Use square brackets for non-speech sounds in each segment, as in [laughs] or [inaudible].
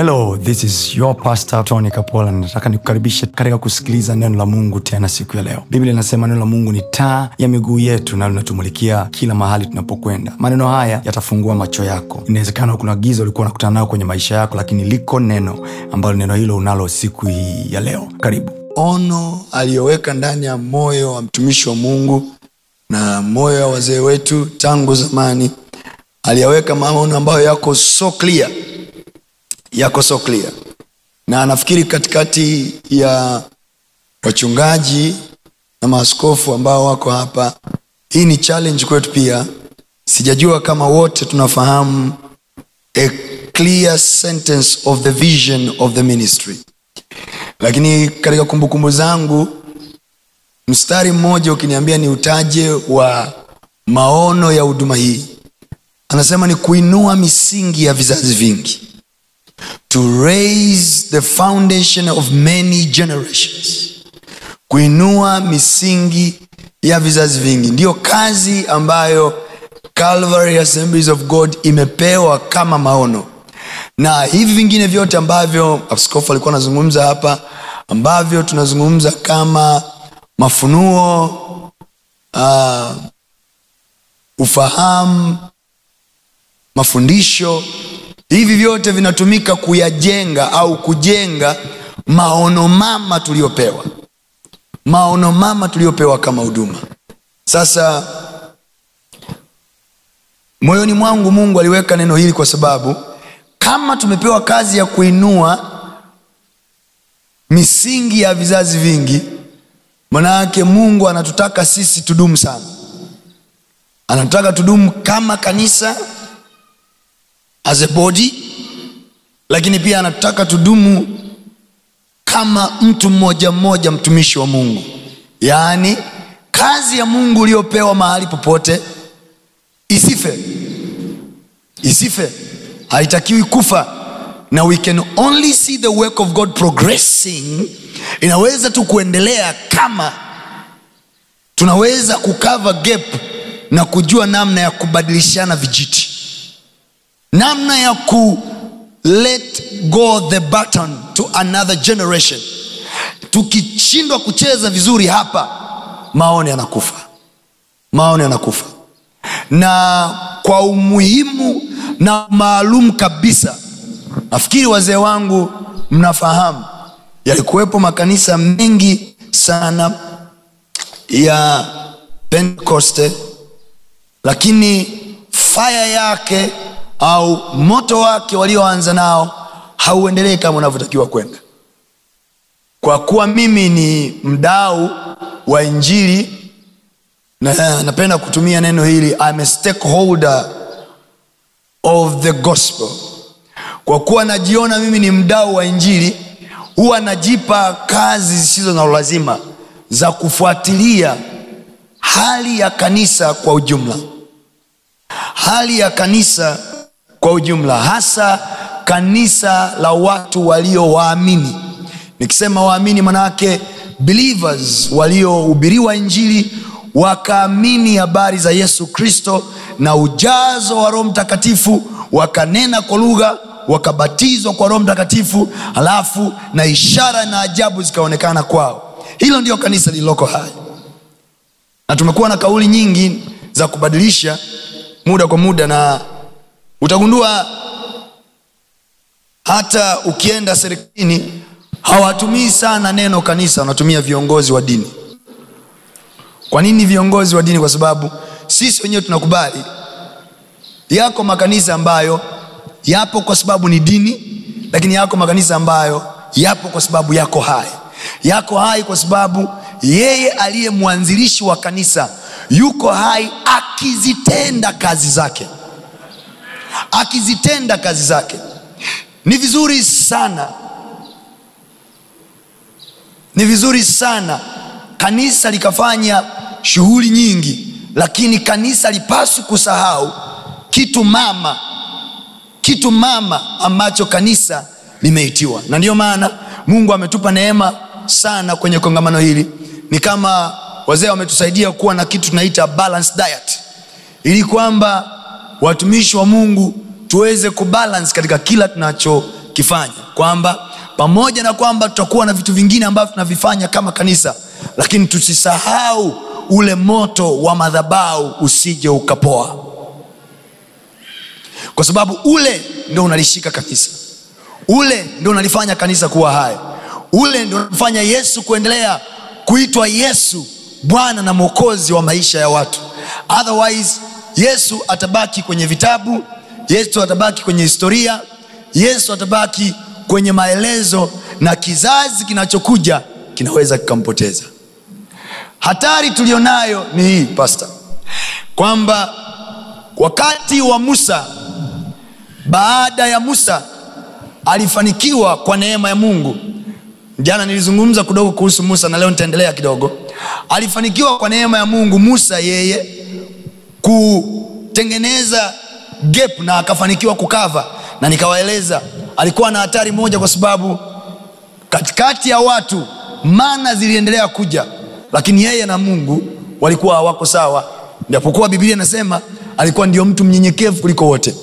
hello this is your pastor tony kapola nataka nikukaribishe katika kusikiliza neno la mungu tena siku ya leo biblia inasema neno la mungu ni taa ya miguu yetu na linatumulikia kila mahali tunapokwenda maneno haya yatafungua macho yako inawezekana kuna giza ulikuwa unakutana nayo kwenye maisha yako lakini liko neno ambalo neno hilo unalo siku hii ya leo karibu ono aliyoweka ndani ya moyo wa mtumishi wa mungu na moyo wa wazee wetu tangu zamani aliyaweka maono ambayo yako so clear yako so clear na nafikiri katikati ya wachungaji na maaskofu ambao wako hapa hii ni challenge kwetu pia sijajua kama wote tunafahamu a clear sentence of the vision of the ministry lakini katika kumbukumbu zangu mstari mmoja ukiniambia ni utaje wa maono ya huduma hii anasema ni kuinua misingi ya vizazi vingi to raise the foundation of many generations kuinua misingi ya vizazi vingi ndiyo kazi ambayo calvary assemblies of god imepewa kama maono na hivi vingine vyote ambavyo askofu alikuwa anazungumza hapa ambavyo tunazungumza kama mafunuo uh, ufahamu mafundisho hivi vyote vinatumika kuyajenga au kujenga maono mama tuliyopewa maono mama tuliyopewa kama huduma sasa moyoni mwangu mungu aliweka neno hili kwa sababu kama tumepewa kazi ya kuinua misingi ya vizazi vingi manayake mungu anatutaka sisi tudumu sana anatutaka tudumu kama kanisa as a body lakini pia anataka tudumu kama mtu mmoja mmoja mtumishi wa mungu yaani kazi ya mungu uliyopewa mahali popote isife isife haitakiwi kufa na we can only see the work of god progressing inaweza tu kuendelea kama tunaweza kukava gap na kujua namna ya kubadilishana vijiti namna ya ku let go the button to another generation tukishindwa kucheza vizuri hapa maoni yanakufa maoni yanakufa na kwa umuhimu na maalum kabisa nafikiri wazee wangu mnafahamu yalikuwepo makanisa mengi sana ya pentekoste lakini faya yake au moto wake walioanza nao hauendelee kama unavyotakiwa kwenda kwa kuwa mimi ni mdau wa injili na napenda kutumia neno hili I'm a stakeholder of the gospel kwa kuwa najiona mimi ni mdau wa injili huwa najipa kazi zisizo na ulazima za kufuatilia hali ya kanisa kwa ujumla hali ya kanisa kwa ujumla, hasa kanisa la watu walio waamini. Nikisema waamini, manake believers, waliohubiriwa Injili wakaamini habari za Yesu Kristo na ujazo wa Roho Mtakatifu, wakanena kwa lugha, wakabatizwa kwa Roho Mtakatifu, halafu na ishara na ajabu zikaonekana kwao. Hilo ndio kanisa lililoko hai, na tumekuwa na kauli nyingi za kubadilisha muda kwa muda na Utagundua hata ukienda serikalini hawatumii sana neno kanisa, wanatumia viongozi wa dini. Kwa nini viongozi wa dini? Kwa sababu sisi wenyewe tunakubali yako makanisa ambayo yapo kwa sababu ni dini, lakini yako makanisa ambayo yapo kwa sababu yako hai, yako hai kwa sababu yeye aliye mwanzilishi wa kanisa yuko hai akizitenda kazi zake akizitenda kazi zake ni vizuri sana ni vizuri sana kanisa likafanya shughuli nyingi lakini kanisa lipaswi kusahau kitu mama kitu mama ambacho kanisa limeitiwa na ndiyo maana mungu ametupa neema sana kwenye kongamano hili ni kama wazee wametusaidia kuwa na kitu tunaita balance diet ili kwamba watumishi wa mungu tuweze kubalance katika kila tunachokifanya kwamba pamoja na kwamba tutakuwa na vitu vingine ambavyo tunavifanya kama kanisa lakini tusisahau ule moto wa madhabau usije ukapoa kwa sababu ule ndio unalishika kanisa ule ndio unalifanya kanisa kuwa hai ule ndio unafanya yesu kuendelea kuitwa yesu bwana na mwokozi wa maisha ya watu otherwise Yesu atabaki kwenye vitabu, Yesu atabaki kwenye historia, Yesu atabaki kwenye maelezo, na kizazi kinachokuja kinaweza kikampoteza. Hatari tuliyonayo ni hii pasta, kwamba wakati wa Musa, baada ya Musa alifanikiwa kwa neema ya Mungu. Jana nilizungumza kidogo kuhusu Musa na leo nitaendelea kidogo. Alifanikiwa kwa neema ya Mungu Musa yeye kutengeneza gap na akafanikiwa kukava na nikawaeleza alikuwa na hatari moja kwa sababu katikati ya watu mana ziliendelea kuja lakini yeye na mungu walikuwa hawako sawa japokuwa biblia inasema alikuwa ndio mtu mnyenyekevu kuliko wote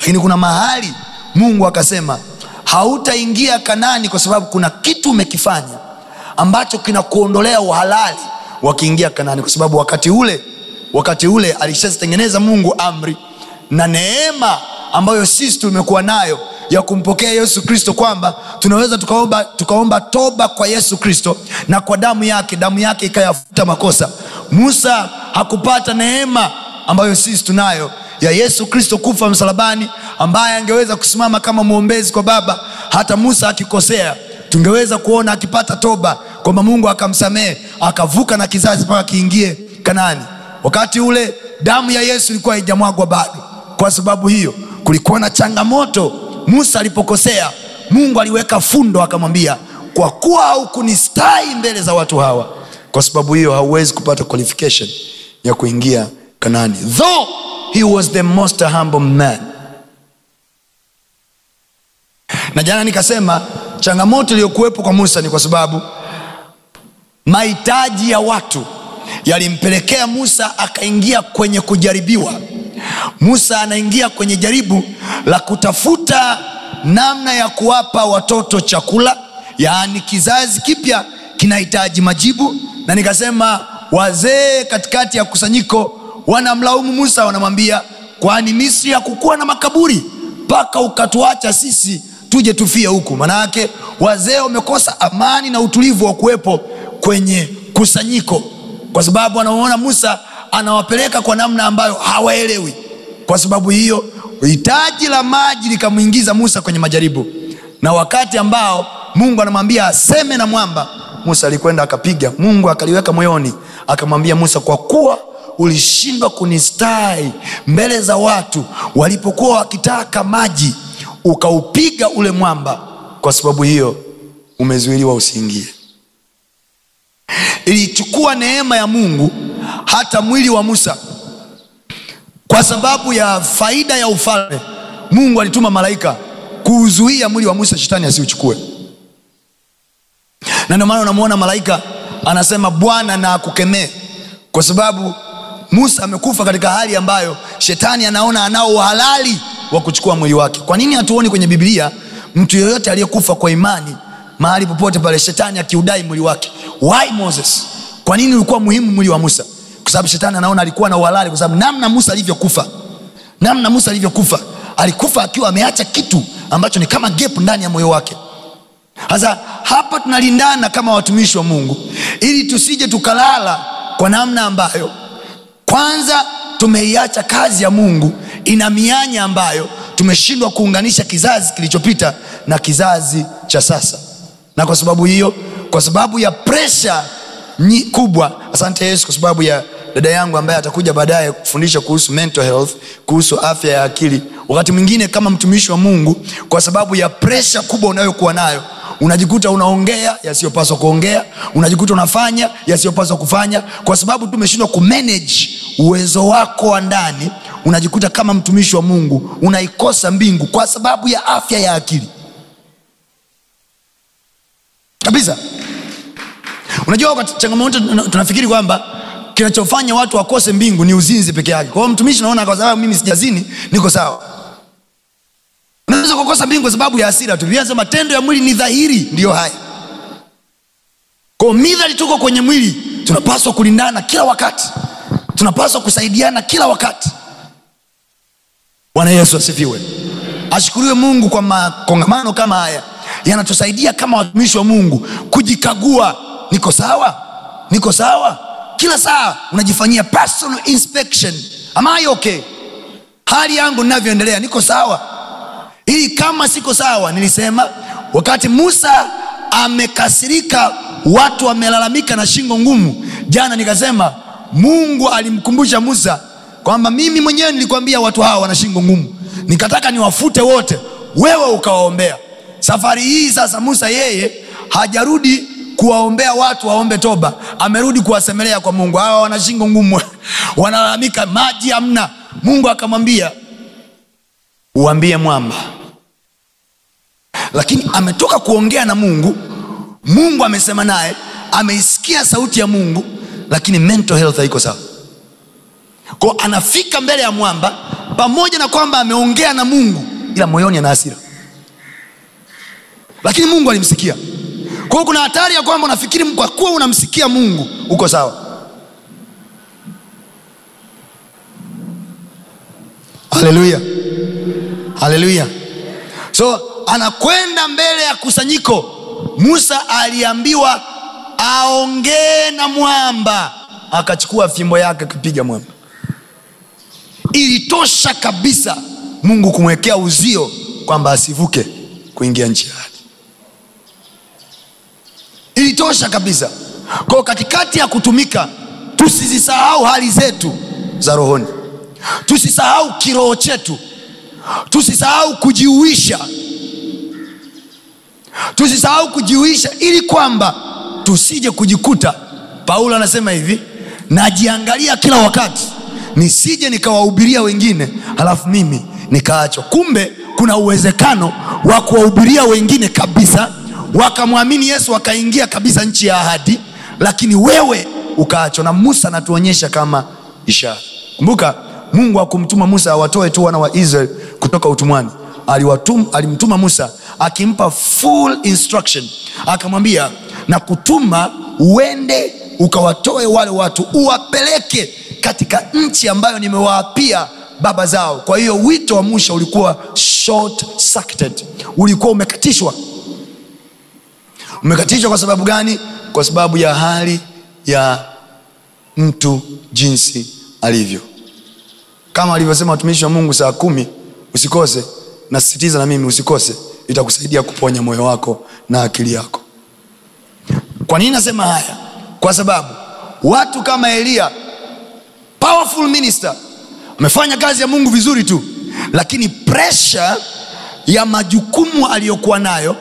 lakini kuna mahali mungu akasema hautaingia kanani kwa sababu kuna kitu umekifanya ambacho kinakuondolea uhalali wakiingia kanani kwa sababu wakati ule wakati ule alishatengeneza mungu amri na neema ambayo sisi tumekuwa nayo ya kumpokea yesu kristo kwamba tunaweza tukaomba, tukaomba toba kwa yesu kristo na kwa damu yake damu yake ikayafuta makosa musa hakupata neema ambayo sisi tunayo ya yesu kristo kufa msalabani ambaye angeweza kusimama kama mwombezi kwa baba hata musa akikosea tungeweza kuona akipata toba kwamba mungu akamsamehe akavuka na kizazi mpaka kiingie kanani wakati ule damu ya yesu ilikuwa haijamwagwa bado kwa sababu hiyo kulikuwa na changamoto musa alipokosea mungu aliweka fundo akamwambia kwa kuwa haukunistai mbele za watu hawa kwa sababu hiyo hauwezi kupata qualification ya kuingia kanani though he was the most humble man na jana nikasema changamoto iliyokuwepo kwa musa ni kwa sababu mahitaji ya watu yalimpelekea musa akaingia kwenye kujaribiwa musa anaingia kwenye jaribu la kutafuta namna ya kuwapa watoto chakula yaani kizazi kipya kinahitaji majibu na nikasema wazee katikati ya kusanyiko wanamlaumu musa wanamwambia kwani misri hakukuwa na makaburi mpaka ukatuacha sisi tuje tufie huku manayake wazee wamekosa amani na utulivu wa kuwepo kwenye kusanyiko kwa sababu anaona musa anawapeleka kwa namna ambayo hawaelewi kwa sababu hiyo hitaji la maji likamwingiza musa kwenye majaribu na wakati ambao mungu anamwambia aseme na mwamba musa alikwenda akapiga mungu akaliweka moyoni akamwambia musa kwa kuwa ulishindwa kunistai mbele za watu walipokuwa wakitaka maji ukaupiga ule mwamba kwa sababu hiyo umezuiliwa usiingie ilichukua neema ya mungu hata mwili wa musa kwa sababu ya faida ya ufalme mungu alituma malaika kuuzuia mwili wa musa shetani asiuchukue na ndio maana unamwona malaika anasema bwana na akukemee kwa sababu musa amekufa katika hali ambayo shetani anaona anao uhalali wa kuchukua mwili wake kwa nini hatuoni kwenye biblia mtu yoyote aliyekufa kwa imani mahali popote pale shetani akiudai mwili wake why moses kwa nini ulikuwa muhimu mwili wa musa kwa sababu shetani anaona alikuwa na uhalali kwa sababu namna musa alivyokufa namna musa alivyokufa alikufa akiwa ameacha kitu ambacho ni kama gep ndani ya moyo wake sasa hapa tunalindana kama watumishi wa mungu ili tusije tukalala kwa namna ambayo kwanza tumeiacha kazi ya mungu ina mianya ambayo tumeshindwa kuunganisha kizazi kilichopita na kizazi cha sasa na kwa sababu hiyo kwa sababu ya presha kubwa asante yesu kwa sababu ya dada yangu ambaye atakuja baadaye kufundisha kuhusu mental health kuhusu afya ya akili wakati mwingine kama mtumishi wa mungu kwa sababu ya presha kubwa unayokuwa nayo unajikuta unaongea yasiyopaswa kuongea unajikuta unafanya yasiyopaswa kufanya kwa sababu tu umeshindwa kumanage uwezo wako wa ndani unajikuta kama mtumishi wa mungu unaikosa mbingu kwa sababu ya afya ya akili kabisa unajua wakati changamoto tunafikiri kwamba kinachofanya watu wakose mbingu ni uzinzi peke yake kwao mtumishi naona kwa sababu mimi sijazini niko sawa unaweza kukosa mbingu kwa sababu ya asira tu biblia matendo ya mwili ni dhahiri ndiyo haya kwao midhali tuko kwenye mwili tunapaswa kulindana kila wakati tunapaswa kusaidiana kila wakati bwana yesu asifiwe ashukuriwe mungu kwa makongamano kama haya yanatusaidia kama watumishi wa mungu kujikagua niko sawa niko sawa kila saa unajifanyia personal inspection amai okay hali yangu ninavyoendelea niko sawa ili kama siko sawa nilisema wakati musa amekasirika watu wamelalamika na shingo ngumu jana nikasema mungu alimkumbusha musa kwamba mimi mwenyewe nilikwambia watu hawa wana shingo ngumu nikataka niwafute wote wewe ukawaombea safari hii sasa musa yeye hajarudi kuwaombea watu waombe toba amerudi kuwasemelea kwa mungu hawa wana shingo ngumu [laughs] wanalalamika maji hamna mungu akamwambia uambie mwamba lakini ametoka kuongea na mungu mungu amesema naye ameisikia sauti ya mungu lakini mental health haiko sawa ko anafika mbele ya mwamba pamoja na kwamba ameongea na mungu ila moyoni ana hasira lakini mungu alimsikia kwa hiyo kuna hatari ya kwamba unafikiri kwa kuwa unamsikia mungu uko sawa haleluya haleluya so anakwenda mbele ya kusanyiko musa aliambiwa aongee na mwamba akachukua fimbo yake akipiga mwamba ilitosha kabisa mungu kumwekea uzio kwamba asivuke kuingia nchi yake ilitosha kabisa kwao katikati ya kutumika tusizisahau hali zetu za rohoni tusisahau kiroho chetu tusisahau kujiuisha tusisahau kujiuisha ili kwamba tusije kujikuta paulo anasema hivi najiangalia kila wakati nisije nikawahubiria wengine halafu mimi nikaachwa kumbe kuna uwezekano wa kuwahubiria wengine kabisa wakamwamini yesu wakaingia kabisa nchi ya ahadi lakini wewe ukaachwa na musa anatuonyesha kama ishara kumbuka mungu akumtuma musa awatoe tu wana wa israel kutoka utumwani alimtuma musa akimpa full instruction akamwambia na kutuma uende ukawatoe wale watu uwapeleke katika nchi ambayo nimewaapia baba zao kwa hiyo wito wa musha ulikuwa short ulikuwa umekatishwa umekatishwa kwa sababu gani kwa sababu ya hali ya mtu jinsi alivyo kama alivyosema watumishi wa mungu saa kumi usikose nasisitiza na mimi usikose itakusaidia kuponya moyo wako na akili yako kwa nini nasema haya kwa sababu watu kama elia powerful minister amefanya kazi ya mungu vizuri tu lakini presha ya majukumu aliyokuwa nayo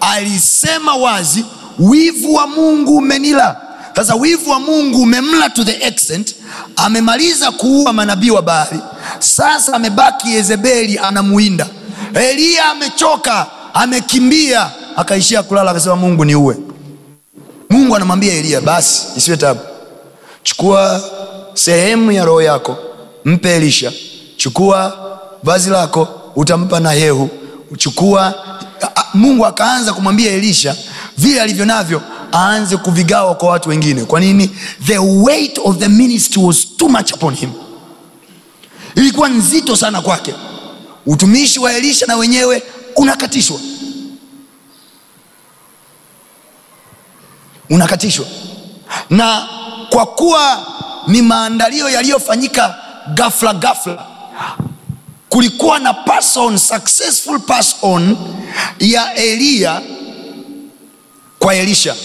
alisema wazi wivu wa mungu umenila sasa wivu wa mungu umemla to the extent amemaliza kuua manabii wa bahari sasa amebaki yezebeli anamuinda eliya amechoka amekimbia akaishia kulala akasema mungu ni uwe mungu anamwambia eliya basi isiwe tabu chukua sehemu ya roho yako mpe elisha chukua vazi lako utampa na yehu chukua mungu akaanza kumwambia elisha vile alivyo navyo aanze kuvigawa kwa watu wengine kwa nini the weight of the ministry was too much upon him ilikuwa nzito sana kwake utumishi wa elisha na wenyewe unakatishwa unakatishwa na kwa kuwa ni maandalio yaliyofanyika gafla gafla kulikuwa na pass on, successful pass on ya eliya kwa elisha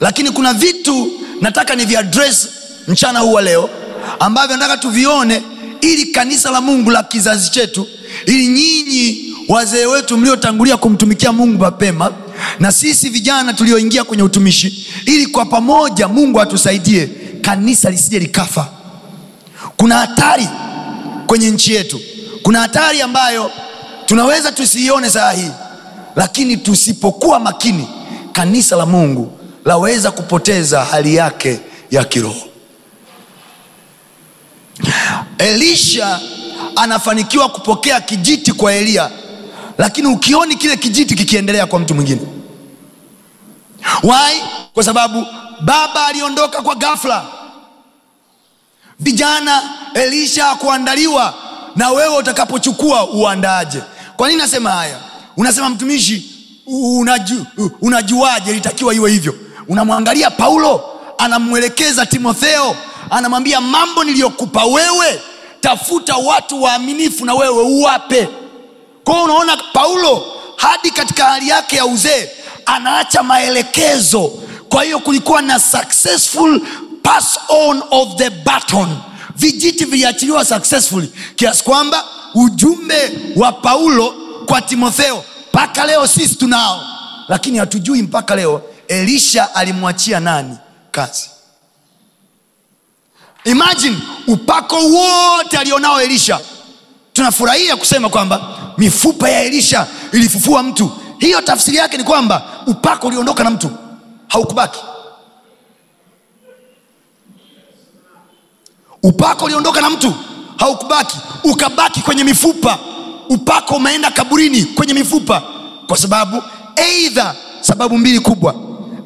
lakini kuna vitu nataka ni viaddress mchana huu wa leo ambavyo nataka tuvione ili kanisa la mungu la kizazi chetu ili nyinyi wazee wetu mliotangulia kumtumikia mungu mapema na sisi vijana tulioingia kwenye utumishi ili kwa pamoja mungu atusaidie kanisa lisije likafa kuna hatari kwenye nchi yetu kuna hatari ambayo tunaweza tusiione saa hii lakini tusipokuwa makini kanisa la mungu laweza kupoteza hali yake ya kiroho elisha anafanikiwa kupokea kijiti kwa eliya lakini ukioni kile kijiti kikiendelea kwa mtu mwingine why kwa sababu baba aliondoka kwa gafla vijana elisha kuandaliwa na wewe utakapochukua uandaaje kwa nini nasema haya unasema mtumishi unaju, unajuaje litakiwa iwe hivyo unamwangalia paulo anamwelekeza timotheo anamwambia mambo niliyokupa wewe tafuta watu waaminifu na wewe uwape kwao unaona paulo hadi katika hali yake ya uzee anaacha maelekezo kwa hiyo kulikuwa na successful pass on of the baton vijiti viliachiliwa successfully kiasi kwamba ujumbe wa paulo kwa timotheo mpaka leo sisi tunao lakini hatujui mpaka leo elisha alimwachia nani kazi imagine upako wote alionao elisha tunafurahia kusema kwamba mifupa ya elisha ilifufua mtu hiyo tafsiri yake ni kwamba upako uliondoka na mtu haukubaki upako uliondoka na mtu haukubaki ukabaki kwenye mifupa upako umeenda kaburini kwenye mifupa kwa sababu eidha sababu mbili kubwa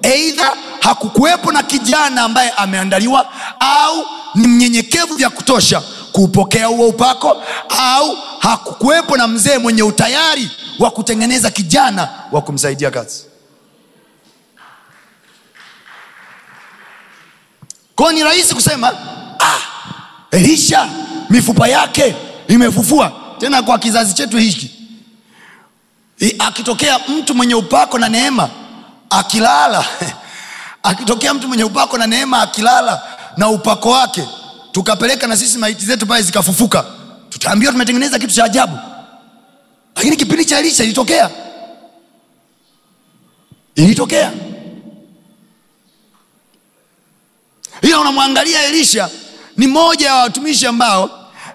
eidha hakukuwepo na kijana ambaye ameandaliwa au ni mnyenyekevu vya kutosha kuupokea huo upako au hakukuwepo na mzee mwenye utayari wa kutengeneza kijana wa kumsaidia kazi kwao ni rahisi kusema ah, elisha mifupa yake imefufua tena kwa kizazi chetu hiki akitokea mtu mwenye upako na neema akilala [laughs] akitokea mtu mwenye upako na neema akilala na upako wake tukapeleka na sisi maiti zetu pale zikafufuka tutaambiwa tumetengeneza kitu cha ajabu lakini kipindi cha elisha ilitokea ilitokea ila unamwangalia elisha ni moja ya watumishi ambao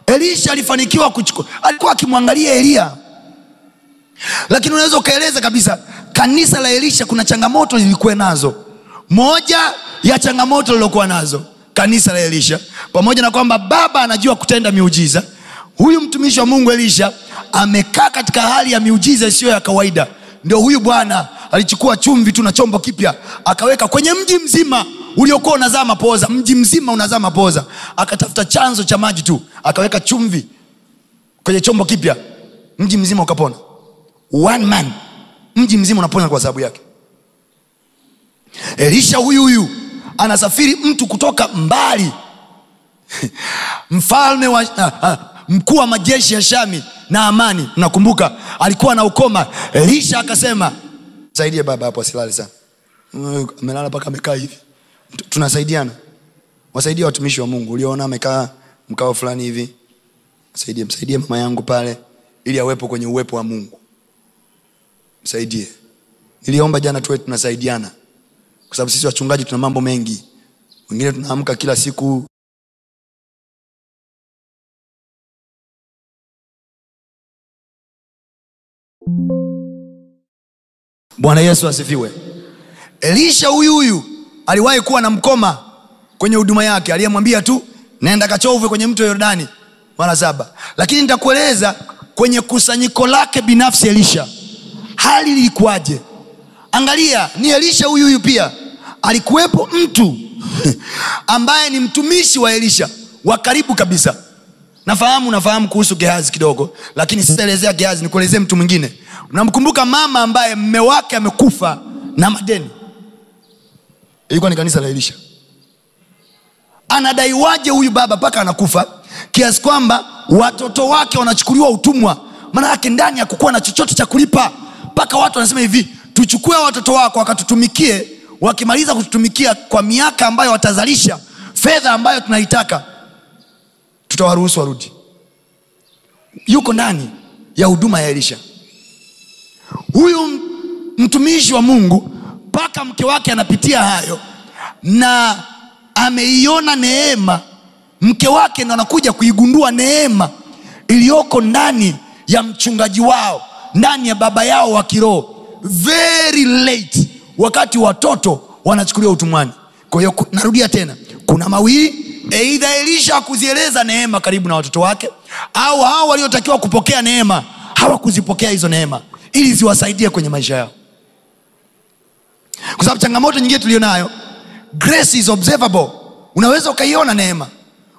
elisha alifanikiwa kuchukua alikuwa akimwangalia elia lakini unaweza ukaeleza kabisa kanisa la elisha kuna changamoto lilikuwa nazo moja ya changamoto lilokuwa nazo kanisa la elisha pamoja na kwamba baba anajua kutenda miujiza huyu mtumishi wa mungu elisha amekaa katika hali ya miujiza isiyo ya kawaida ndio huyu bwana alichukua chumvi tu na chombo kipya akaweka kwenye mji mzima uliokuwa unazaa mapoza mji mzima unazaa mapoza akatafuta chanzo cha maji tu akaweka chumvi kwenye chombo kipya mji mzima ukapona one man mji mzima unapona kwa sababu yake elisha huyu huyu anasafiri mtu kutoka mbali [laughs] mfalme wa ah, ah, mkuu wa majeshi ya shami na amani nakumbuka alikuwa na ukoma elisha akasema saidie baba hapo asilali sana amelala mpaka amekaa hivi tunasaidiana wasaidia watumishi wa mungu ulioona amekaa mkao fulani hivi msaidie msaidie mama yangu pale ili awepo kwenye uwepo wa mungu msaidie niliomba jana tuwe tunasaidiana kwa sababu sisi wachungaji tuna mambo mengi wengine tunaamka kila siku bwana yesu asifiwe elisha huyu huyu aliwahi kuwa na mkoma kwenye huduma yake aliyemwambia tu naenda kachove kwenye mto yordani mara saba lakini nitakueleza kwenye kusanyiko lake binafsi elisha hali ilikuwaje angalia ni elisha huyu huyu pia alikuwepo mtu [laughs] ambaye ni mtumishi wa elisha wa karibu kabisa nafahamu nafahamu kuhusu gehazi kidogo lakini sitaelezea gehazi nikuelezee mtu mwingine namkumbuka mama ambaye mme wake amekufa na madeni ilikuwa ni kanisa la elisha anadaiwaje huyu baba mpaka anakufa kiasi kwamba watoto wake wanachukuliwa utumwa maana yake ndani ya kukuwa na chochote cha kulipa mpaka watu wanasema hivi tuchukue watoto wako wakatutumikie wakimaliza kututumikia kwa miaka ambayo watazalisha fedha ambayo tunaitaka tutawaruhusu warudi yuko ndani ya huduma ya elisha huyu mtumishi wa mungu mpaka mke wake anapitia hayo na ameiona neema mke wake ndo anakuja kuigundua neema iliyoko ndani ya mchungaji wao ndani ya baba yao wa kiroho very late wakati watoto wanachukuliwa utumwani kwa hiyo narudia tena kuna mawili eidha elisha akuzieleza neema karibu na watoto wake au hao waliotakiwa kupokea neema hawakuzipokea hizo neema ili ziwasaidie kwenye maisha yao kwa sababu changamoto nyingine tulionayo grace is observable unaweza ukaiona neema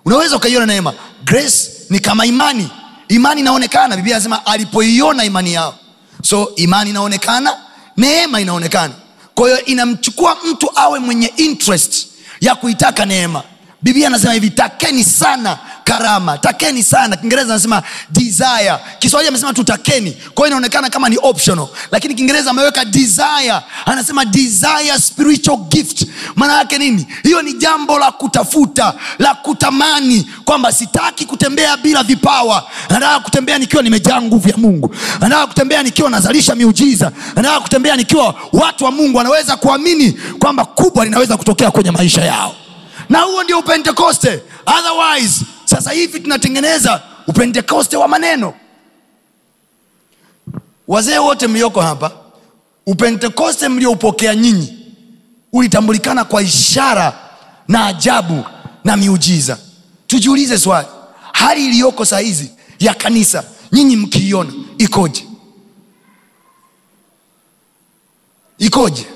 unaweza ukaiona neema grace ni kama imani imani inaonekana biblia anasema alipoiona imani yao so imani inaonekana neema inaonekana kwa hiyo inamchukua mtu awe mwenye interest ya kuitaka neema biblia anasema hivi takeni sana karama takeni sana kiingereza anasema desire kiswahili amesema tu takeni kwa hiyo inaonekana kama ni optional lakini kiingereza ameweka desire anasema desire spiritual gift maana yake nini hiyo ni jambo la kutafuta la kutamani kwamba sitaki kutembea bila vipawa nataka kutembea nikiwa nimejaa nguvu ya mungu nataka kutembea nikiwa nazalisha miujiza nataka kutembea nikiwa watu wa mungu wanaweza kuamini kwamba kubwa linaweza kutokea kwenye maisha yao na huo ndio upentekoste otherwise sasa hivi tunatengeneza upentekoste wa maneno wazee wote mlioko hapa upentekoste mlioupokea nyinyi ulitambulikana kwa ishara na ajabu na miujiza tujiulize swali hali iliyoko saa hizi ya kanisa nyinyi mkiiona ikoje ikoje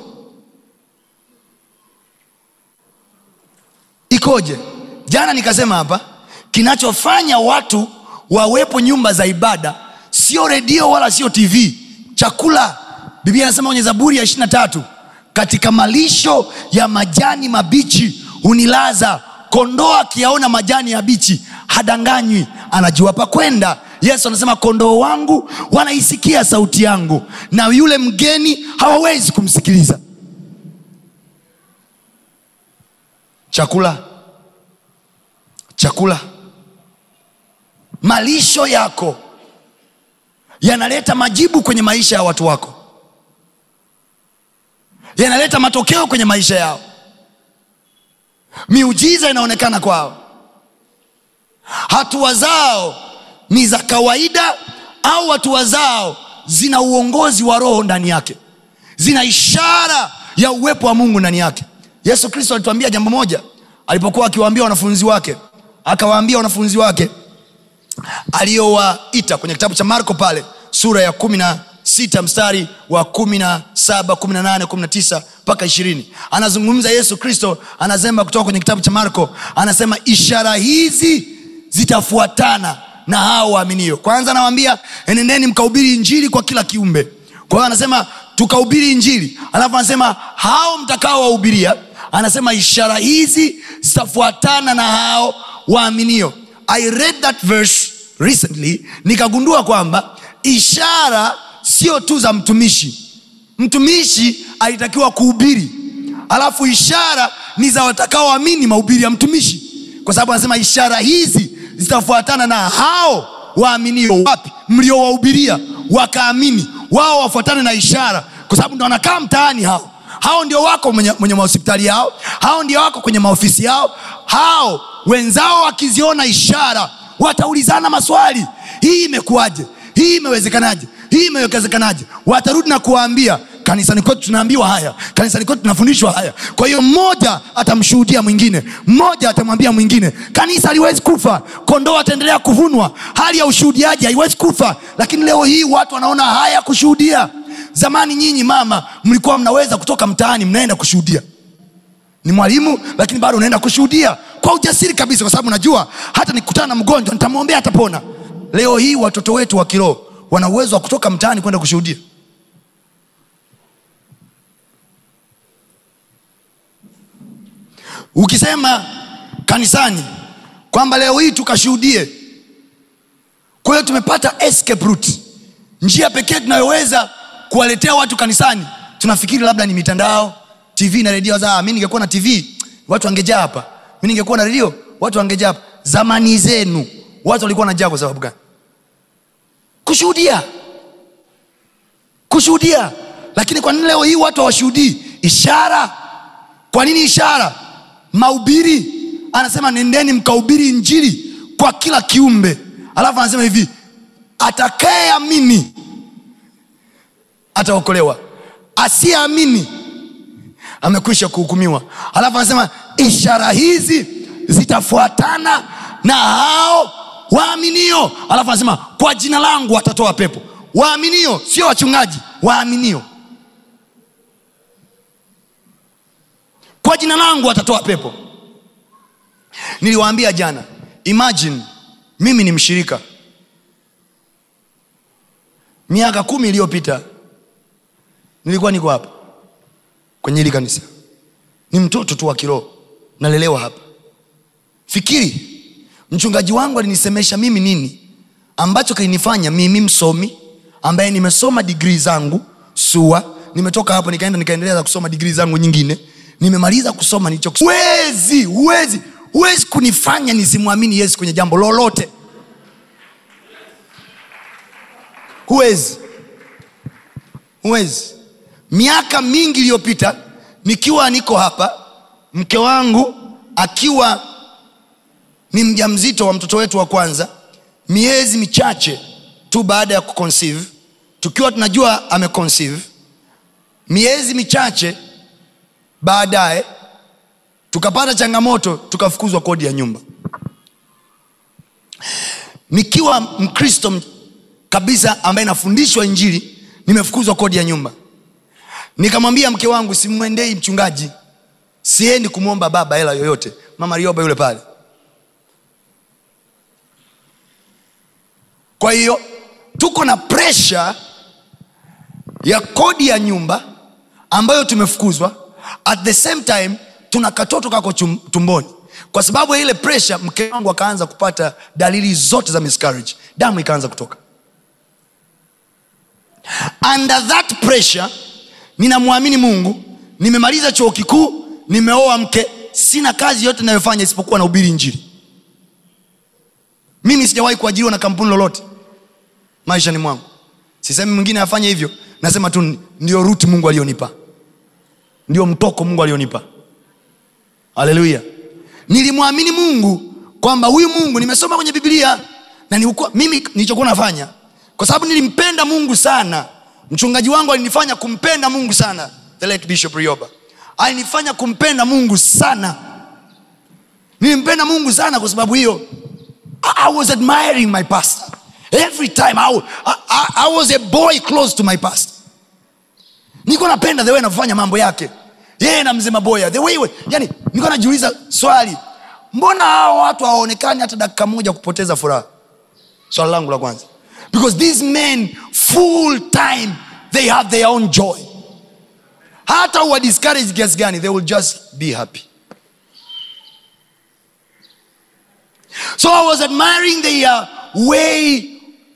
ikoje jana nikasema hapa kinachofanya watu wawepo nyumba za ibada sio redio wala sio tv chakula biblia anasema kwenye zaburi ya ishirina tatu katika malisho ya majani mabichi hunilaza kondoo akiyaona majani ya bichi hadanganywi anajua pa kwenda yesu anasema kondoo wangu wanaisikia sauti yangu na yule mgeni hawawezi kumsikiliza chakula chakula. Malisho yako yanaleta majibu kwenye maisha ya watu wako, yanaleta matokeo kwenye maisha yao. Miujiza inaonekana kwao, hatua zao ni za kawaida, au hatua zao zina uongozi wa Roho ndani yake, zina ishara ya uwepo wa Mungu ndani yake. Yesu Kristo alituambia jambo moja alipokuwa akiwaambia wanafunzi wake akawaambia wanafunzi wake aliyowaita kwenye kitabu cha marko pale sura ya kumi na sita mstari wa kumi na saba kumi na nane kumi na tisa mpaka ishirini anazungumza yesu kristo anasema kutoka kwenye kitabu cha marko anasema ishara hizi zitafuatana na hao waaminio kwanza anawambia enendeni mkaubiri injili kwa kila kiumbe kwa hiyo anasema tukahubiri injili alafu anasema hao mtakaowahubiria anasema ishara hizi zitafuatana na hao waaminio i read that verse recently nikagundua kwamba ishara sio tu za mtumishi mtumishi alitakiwa kuhubiri alafu ishara ni za watakaoamini mahubiri ya mtumishi kwa sababu anasema ishara hizi zitafuatana na hao waaminio wapi mliowahubiria wakaamini wao wafuatane na ishara kwa sababu ndo wanakaa mtaani hao hao ndio wako mwenye, mahospitali yao hao ndio wako kwenye maofisi yao hao wenzao wakiziona ishara wataulizana maswali hii imekuwaje hii imewezekanaje hii imewekezekanaje watarudi na kuwaambia kanisani kwetu tunaambiwa haya kanisani kwetu tunafundishwa haya kwa hiyo mmoja atamshuhudia mwingine mmoja atamwambia mwingine kanisa aliwezi kufa kondoo ataendelea kuvunwa hali ya ushuhudiaji haiwezi kufa lakini leo hii watu wanaona haya kushuhudia zamani nyinyi mama mlikuwa mnaweza kutoka mtaani mnaenda kushuhudia ni mwalimu lakini bado unaenda kushuhudia kwa ujasiri kabisa kwa sababu najua hata nikutana na mgonjwa nitamwombea atapona leo hii watoto wetu wa kiroho wana uwezo wa kutoka mtaani kwenda kushuhudia ukisema kanisani kwamba leo hii tukashuhudie kwa hiyo tumepata escape route njia pekee tunayoweza kuwaletea watu kanisani tunafikiri labda ni mitandao tv na redio mi ningekuwa na tv watu wangejaa hapa mi ningekuwa na redio watu wangejaa hapa zamani zenu watu walikuwa wanajaa kwa sababu gani kushuhudia kushuhudia lakini kwa nini leo hii watu hawashuhudii ishara kwa nini ishara maubiri anasema nendeni mkaubiri njiri kwa kila kiumbe alafu anasema hivi atakayeamini ataokolewa asiyeamini amekwisha kuhukumiwa alafu anasema ishara hizi zitafuatana na hao waaminio alafu anasema kwa jina langu watatoa pepo waaminio sio wachungaji waaminio kwa jina langu watatoa pepo niliwaambia jana imagine mimi ni mshirika miaka kumi iliyopita nilikuwa niko hapa kwenye hili kanisa ni mtoto tu wa kiroho nalelewa hapa fikiri mchungaji wangu alinisemesha mimi nini ambacho kilinifanya mimi msomi ambaye nimesoma digrii zangu sua nimetoka hapo nikaenda nikaendelea za kusoma digrii zangu nyingine nimemaliza kusoma nilichohuwezi huwezi huwezi kunifanya nisimwamini yesu kwenye jambo lolote huwezi huwezi miaka mingi iliyopita nikiwa niko hapa mke wangu akiwa ni mjamzito wa mtoto wetu wa kwanza miezi michache tu baada ya kuconceive tukiwa tunajua ameconceive miezi michache baadaye tukapata changamoto tukafukuzwa kodi ya nyumba nikiwa mkristo kabisa ambaye nafundishwa injili nimefukuzwa kodi ya nyumba nikamwambia mke wangu simwendei mchungaji siendi kumwomba baba hela yoyote mama lioba yule pale kwa hiyo tuko na presha ya kodi ya nyumba ambayo tumefukuzwa at the same time tuna katoto kako tumboni kwa sababu ya ile presha mke wangu akaanza kupata dalili zote za miscarriage damu ikaanza kutoka under that pressure ninamwamini mungu nimemaliza chuo kikuu nimeoa mke sina kazi yote inayofanya isipokuwa na ubiri njiri mimi sijawahi kuajiriwa na kampuni lolote maisha ni mwangu sisemi mwingine afanye hivyo nasema tu ndio ruti mungu aliyonipa ndio mtoko mungu alionipa haleluya nilimwamini mungu kwamba huyu mungu nimesoma kwenye biblia na mimi nilichokuwa nafanya kwa sababu nilimpenda mungu sana mchungaji wangu alinifanya kumpenda mungu sana the late bishop rioba alinifanya kumpenda mungu sana nilimpenda mungu sana kwa sababu hiyo i was admiring my pastor every time I, I, I was a boy close to my pastor niko napenda the way anavyofanya mambo yake yeye na mzima boya the way yani niko najiuliza swali mbona hao watu hawaonekani hata dakika moja kupoteza furaha swali langu la kwanza because these men full time they have their own joy hata wa discourage kiasi gani they will just be happy so i was admiring their way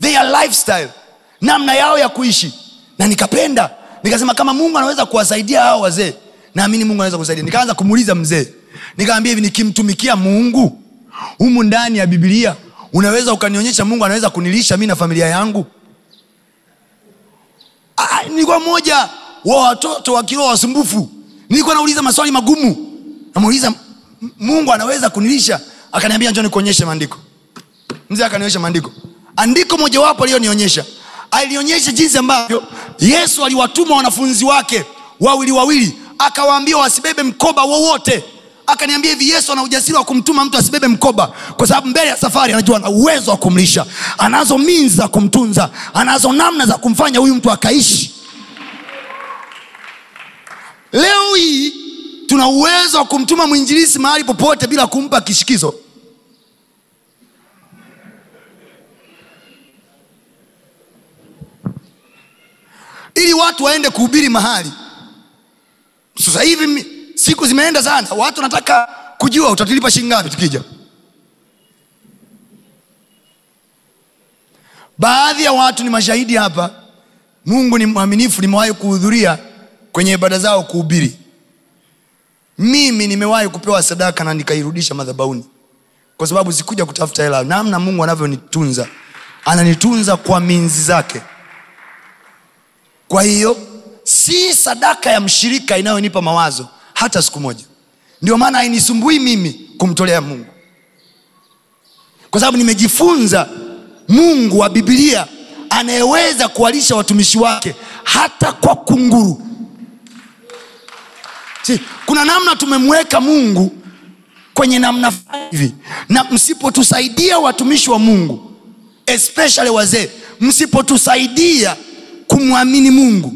their lifestyle namna yao ya kuishi na nikapenda nikasema kama mungu anaweza kuwasaidia hao wazee naamini mungu anaweza kusaidia nikaanza kumuuliza mzee nikaambia hivi nikimtumikia mungu humu ndani ya bibilia unaweza ukanionyesha mungu anaweza kunilisha mi na familia yangu nilikuwa mmoja wa watoto kiroho wasumbufu nilikuwa nauliza maswali magumu namuuliza mungu anaweza kunilisha akaniambia njo nikuonyeshe maandiko mzee akanionyesha maandiko andiko mojawapo aliyonionyesha alionyesha jinsi ambavyo yesu aliwatuma wanafunzi wake wawili wawili akawaambia wasibebe mkoba wowote akaniambia hivi yesu ana ujasiri wa kumtuma mtu asibebe mkoba kwa sababu mbele ya safari anajua ana uwezo wa kumlisha anazo minzi za kumtunza anazo namna za kumfanya huyu mtu akaishi tuna uwezo wa kumtuma mwinjilisi mahali popote bila kumpa kishikizo ili watu waende kuhubiri mahali sasa hivi siku zimeenda sana watu wanataka kujua utatulipa shingapi ngapi tukija baadhi ya watu ni mashahidi hapa mungu ni mwaminifu nimewahi kuhudhuria kwenye ibada zao kuhubiri mimi nimewahi kupewa sadaka na nikairudisha madhabauni kwa sababu sikuja kutafuta hela namna mungu anavyonitunza ananitunza kwa minzi zake kwa hiyo si sadaka ya mshirika inayonipa mawazo hata siku moja ndio maana ainisumbui mimi kumtolea mungu kwa sababu nimejifunza mungu wa bibilia anayeweza kuwalisha watumishi wake hata kwa kunguru si, kuna namna tumemweka mungu kwenye namna hivi na msipotusaidia watumishi wa mungu especially wazee msipotusaidia kumwamini mungu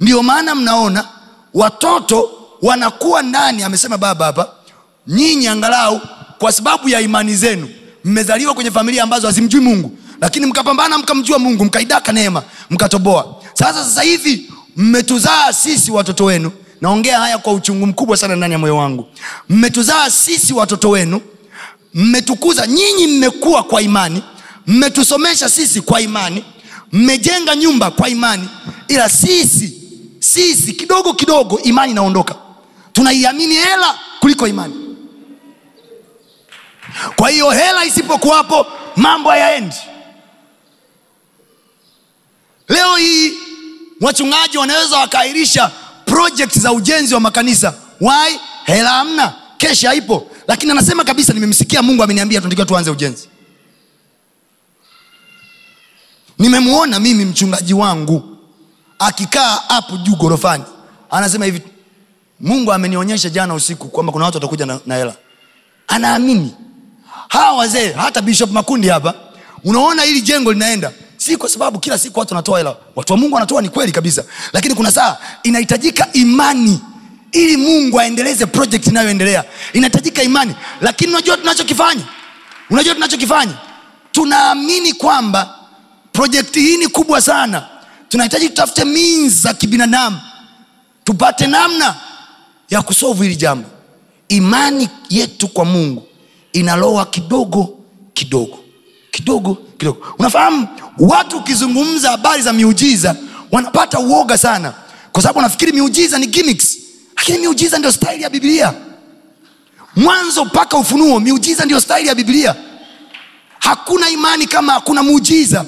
ndio maana mnaona watoto wanakuwa ndani amesema baba hapa nyinyi angalau kwa sababu ya imani zenu mmezaliwa kwenye familia ambazo hazimjui mungu lakini mkapambana mkamjua mungu mkaidaka neema mkatoboa sasa sasa hivi mmetuzaa sisi watoto wenu naongea haya kwa uchungu mkubwa sana ndani ya moyo wangu mmetuzaa sisi watoto wenu mmetukuza nyinyi mmekuwa kwa imani mmetusomesha sisi kwa imani mmejenga nyumba kwa imani ila sisi sisi kidogo kidogo imani inaondoka tunaiamini hela kuliko imani kwa hiyo hela isipokuwapo mambo hayaendi leo hii wachungaji wanaweza wakaahirisha project za ujenzi wa makanisa why hela hamna kesha haipo lakini anasema kabisa nimemsikia mungu ameniambia tunatakiwa tuanze ujenzi nimemwona mimi mchungaji wangu akikaa hapo juu ghorofani anasema hivi mungu amenionyesha jana usiku kwamba kuna watu watakuja na, na hela anaamini hawa wazee hata bishop makundi hapa unaona hili jengo linaenda si kwa sababu kila siku watu wanatoa hela watu wa mungu wanatoa ni kweli kabisa lakini kuna saa inahitajika imani ili mungu aendeleze project inayoendelea inahitajika imani lakini unajua tunachokifanya unajua tunachokifanya tunaamini kwamba projekti hii ni kubwa sana tunahitaji tutafute means za kibinadamu tupate namna ya kusovu hili jambo imani yetu kwa mungu inaloa kidogo kidogo kidogo kidogo unafahamu watu ukizungumza habari za miujiza wanapata uoga sana kwa sababu wanafikiri miujiza ni gimmicks lakini miujiza ndio staili ya biblia mwanzo mpaka ufunuo miujiza ndio staili ya biblia hakuna imani kama hakuna muujiza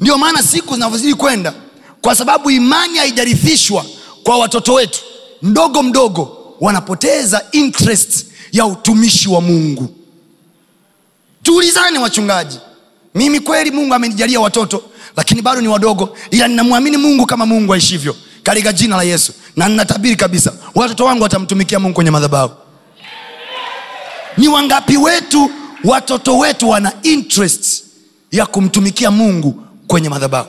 ndio maana siku zinavyozidi kwenda kwa sababu imani haijarithishwa kwa watoto wetu mdogo mdogo wanapoteza interest ya utumishi wa mungu tuulizane wachungaji mimi kweli mungu amenijalia watoto lakini bado ni wadogo ila ninamwamini mungu kama mungu aishivyo katika jina la yesu na ninatabiri kabisa watoto wangu watamtumikia mungu kwenye madhabahu ni wangapi wetu watoto wetu wana interest ya kumtumikia mungu kwenye madhabahu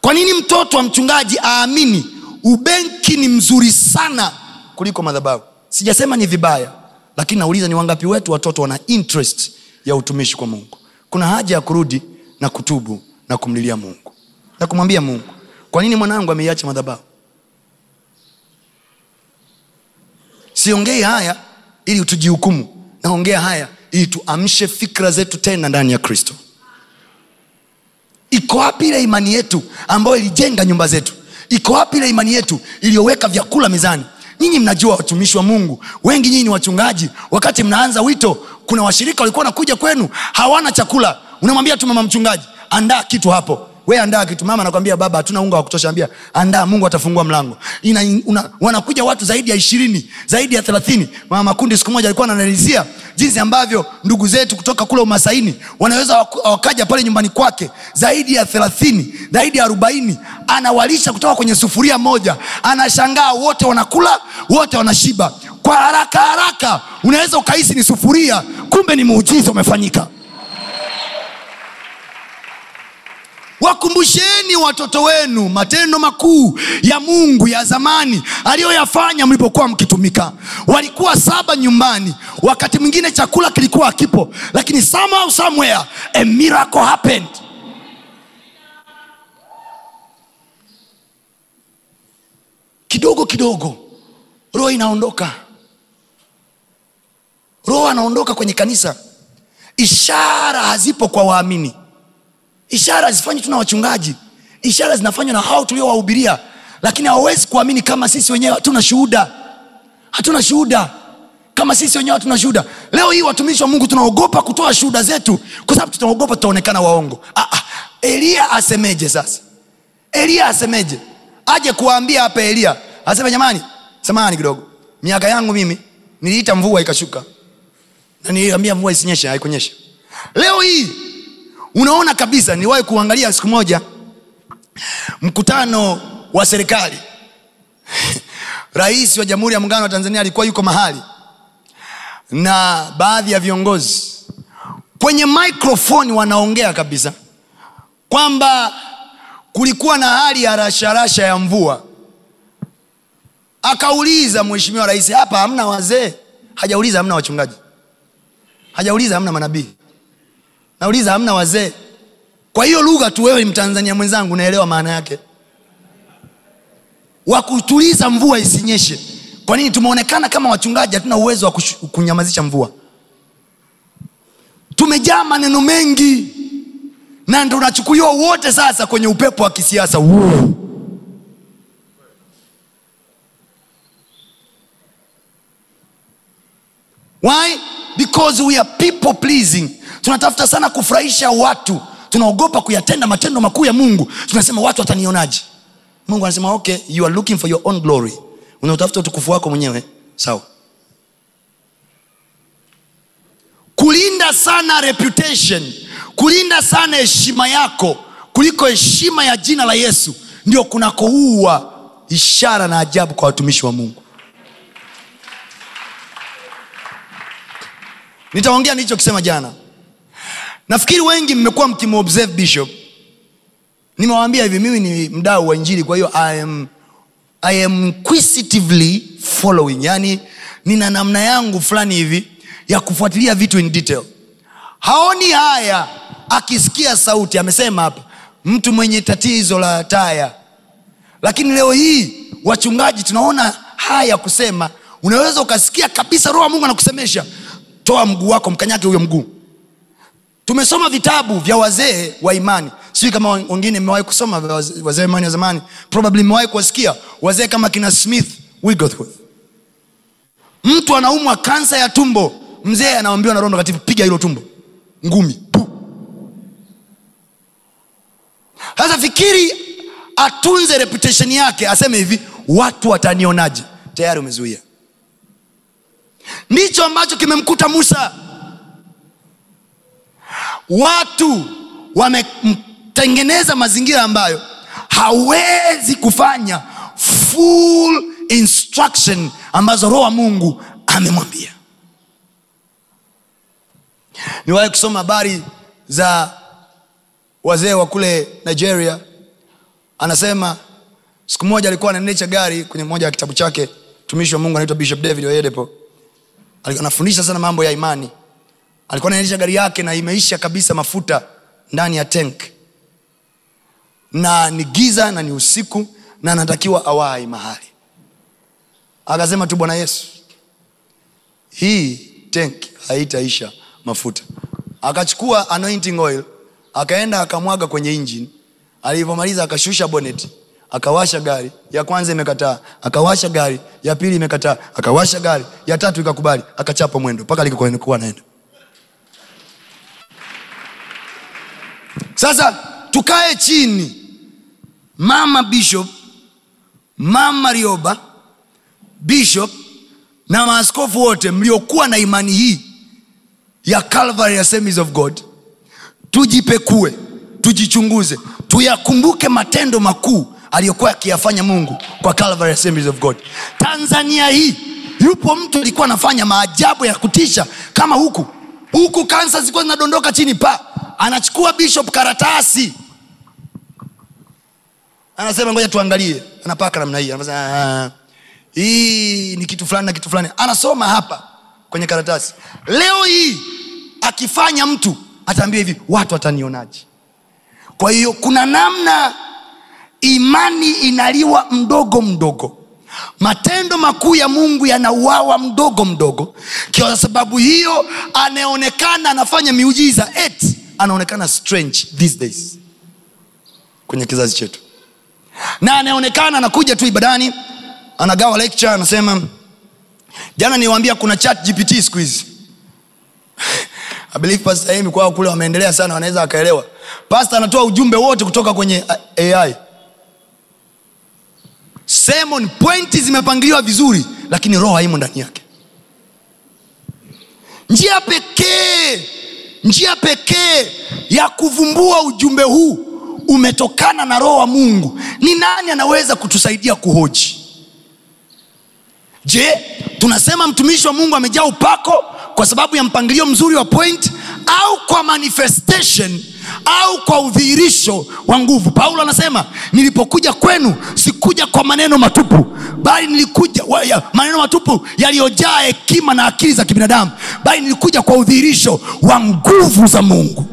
kwa nini mtoto wa mchungaji aamini ubenki ni mzuri sana kuliko madhabahu sijasema ni vibaya lakini nauliza ni wangapi wetu watoto wana interest ya utumishi kwa mungu kuna haja ya kurudi na kutubu na kumlilia mungu na kumwambia mungu kwa nini mwanangu ameiacha madhabahu siongei haya ili tujihukumu naongea haya ili tuamshe fikra zetu tena ndani ya kristo iko wapi ile imani yetu ambayo ilijenga nyumba zetu iko wapi ile imani yetu iliyoweka vyakula mezani nyinyi mnajua watumishi wa mungu wengi nyinyi ni wachungaji wakati mnaanza wito kuna washirika walikuwa wanakuja kwenu hawana chakula unamwambia tu mama mchungaji andaa kitu hapo we andaa kitu mama anakwambia baba hatuna unga wa kutosha ambia andaa mungu atafungua mlango Ina, una, wanakuja watu zaidi ya ishirini zaidi ya thelathini mama makundi siku moja alikuwa ananalizia jinsi ambavyo ndugu zetu kutoka kule umasaini wanaweza wakaja pale nyumbani kwake zaidi ya thelathini zaidi ya arobaini anawalisha kutoka kwenye sufuria moja anashangaa wote wanakula wote wanashiba kwa haraka haraka unaweza ukahisi ni sufuria kumbe ni muujiza umefanyika wakumbusheni watoto wenu matendo makuu ya mungu ya zamani aliyoyafanya mlipokuwa mkitumika walikuwa saba nyumbani wakati mwingine chakula kilikuwa akipo lakini somehow somewhere a miracle happened kidogo kidogo roho inaondoka roho anaondoka kwenye kanisa ishara hazipo kwa waamini ishara zifanyi tuna wachungaji ishara zinafanywa na hao tuliowahubiria lakini hawawezi kuamini kama sisi wenyewe hatuna shuhuda hatuna shuhuda kama sisi wenyewe hatuna shuhuda leo hii watumishi wa mungu tunaogopa kutoa shuhuda zetu kwa sababu tunaogopa tutaonekana waongo ah, ah. elia asemeje sasa elia asemeje aje kuwaambia hapa elia aseme jamani samani kidogo miaka yangu mimi niliita mvua ikashuka na niliambia mvua isinyeshe haikunyesha leo hii unaona kabisa niwahi kuangalia siku moja mkutano wa serikali [laughs] rais wa jamhuri ya muungano wa tanzania alikuwa yuko mahali na baadhi ya viongozi kwenye mikrofoni wanaongea kabisa kwamba kulikuwa na hali ya rasharasha ya mvua akauliza mheshimiwa rais hapa hamna wazee hajauliza hamna wachungaji hajauliza hamna manabii nauliza hamna wazee kwa hiyo lugha tu wewe mtanzania mwenzangu unaelewa maana yake wakutuliza mvua isinyeshe kwa nini tumeonekana kama wachungaji hatuna uwezo wa kunyamazisha mvua tumejaa maneno mengi na ndo unachukuliwa wote sasa kwenye upepo wa kisiasa Woo. why because we are people pleasing tunatafuta sana kufurahisha watu tunaogopa kuyatenda matendo makuu ya mungu tunasema watu watanionaje mungu anasema okay you are looking for your own glory unaotafuta utukufu wako mwenyewe sawa kulinda sana reputation kulinda sana heshima yako kuliko heshima ya jina la yesu ndio kunakoua ishara na ajabu kwa watumishi wa mungu nitaongea nilichokisema jana nafikiri wengi mmekuwa mkimobserve bishop nimewaambia hivi mimi ni mdao wa injili kwa hiyo I inquisitively following yani nina namna yangu fulani hivi ya kufuatilia vitu in detail haoni haya akisikia sauti amesema hapa mtu mwenye tatizo la taya lakini leo hii wachungaji tunaona haya kusema unaweza ukasikia kabisa roho wa mungu anakusemesha toa mguu wako mkanyake huyo mguu tumesoma vitabu vya wazee wa imani sijui kama wengine mmewahi kusoma wazee wa imani wa zamani probably mmewahi kuwasikia wazee kama kina smith wigglesworth mtu anaumwa kansa ya tumbo mzee anaambiwa na roho mtakatifu piga hilo tumbo ngumi sasa fikiri atunze reputation yake aseme hivi watu watanionaje tayari umezuia ndicho ambacho kimemkuta musa watu wametengeneza mazingira ambayo hawezi kufanya full instruction ambazo roho wa mungu amemwambia niwahi kusoma habari za wazee wa kule nigeria anasema siku moja alikuwa anaendesha gari kwenye moja ya kitabu chake mtumishi wa mungu anaitwa bishop david wayedepo anafundisha sana mambo ya imani alikuwa anaendesha gari yake na imeisha kabisa mafuta ndani ya tank na ni giza na ni usiku na anatakiwa awai mahali akasema tu bwana yesu hii tank haitaisha mafuta akachukua anointing oil akaenda akamwaga kwenye injini alivyomaliza akashusha boneti akawasha gari ya kwanza imekataa akawasha gari ya pili imekataa akawasha gari ya tatu ikakubali akachapa mwendo mpaka likuwa naenda sasa tukae chini mama bishop mama rioba bishop na maaskofu wote mliokuwa na imani hii ya calvary assemblies of god tujipekue tujichunguze tuyakumbuke matendo makuu aliyokuwa akiyafanya mungu kwa calvary assemblies of god tanzania hii yupo mtu alikuwa anafanya maajabu ya kutisha kama huku huku kansa zilikuwa zinadondoka chini pa anachukua bishop karatasi anasema ngoja tuangalie anapaka namna hii anasema ah, ah, ah. hii ni kitu fulani na kitu fulani anasoma hapa kwenye karatasi leo hii akifanya mtu ataambia hivi watu watanionaje kwa hiyo kuna namna imani inaliwa mdogo mdogo matendo makuu ya mungu yanauawa mdogo mdogo kwa sababu hiyo anaonekana anafanya miujiza eti anaonekana strange these days kwenye kizazi chetu na anaonekana anakuja tu ibadani anagawa lecture anasema jana niwaambia kuna chat gpt siku hizi sahivi [laughs] kwao kule wameendelea sana wanaweza wakaelewa pasta anatoa ujumbe wote kutoka kwenye ai sermon pointi zimepangiliwa vizuri lakini roho haimo ndani yake njia pekee njia pekee ya kuvumbua ujumbe huu umetokana na roho wa mungu ni nani anaweza kutusaidia kuhoji je tunasema mtumishi wa mungu amejaa upako kwa sababu ya mpangilio mzuri wa point au kwa manifestation au kwa udhihirisho wa nguvu paulo anasema nilipokuja kwenu sikuja kwa maneno matupu bali nilikuja wa, ya, maneno matupu yaliyojaa hekima na akili za kibinadamu bali nilikuja kwa udhihirisho wa nguvu za mungu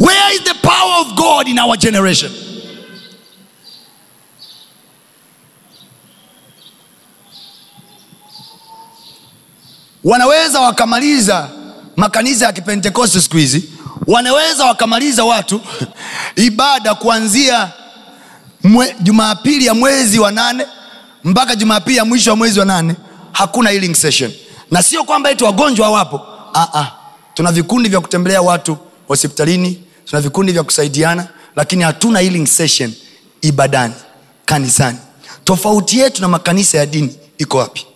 where is the power of god in our generation wanaweza wakamaliza makanisa ya kipentekoste siku hizi wanaweza wakamaliza watu [laughs] ibada kuanzia jumapili ya mwezi wa nane mpaka jumapili ya mwisho wa mwezi wa nane hakuna healing session na sio kwamba eti wagonjwa wapo Aa, ah, ah, tuna vikundi vya kutembelea watu hospitalini tuna vikundi vya kusaidiana lakini hatuna healing session ibadani kanisani tofauti yetu na makanisa ya dini iko wapi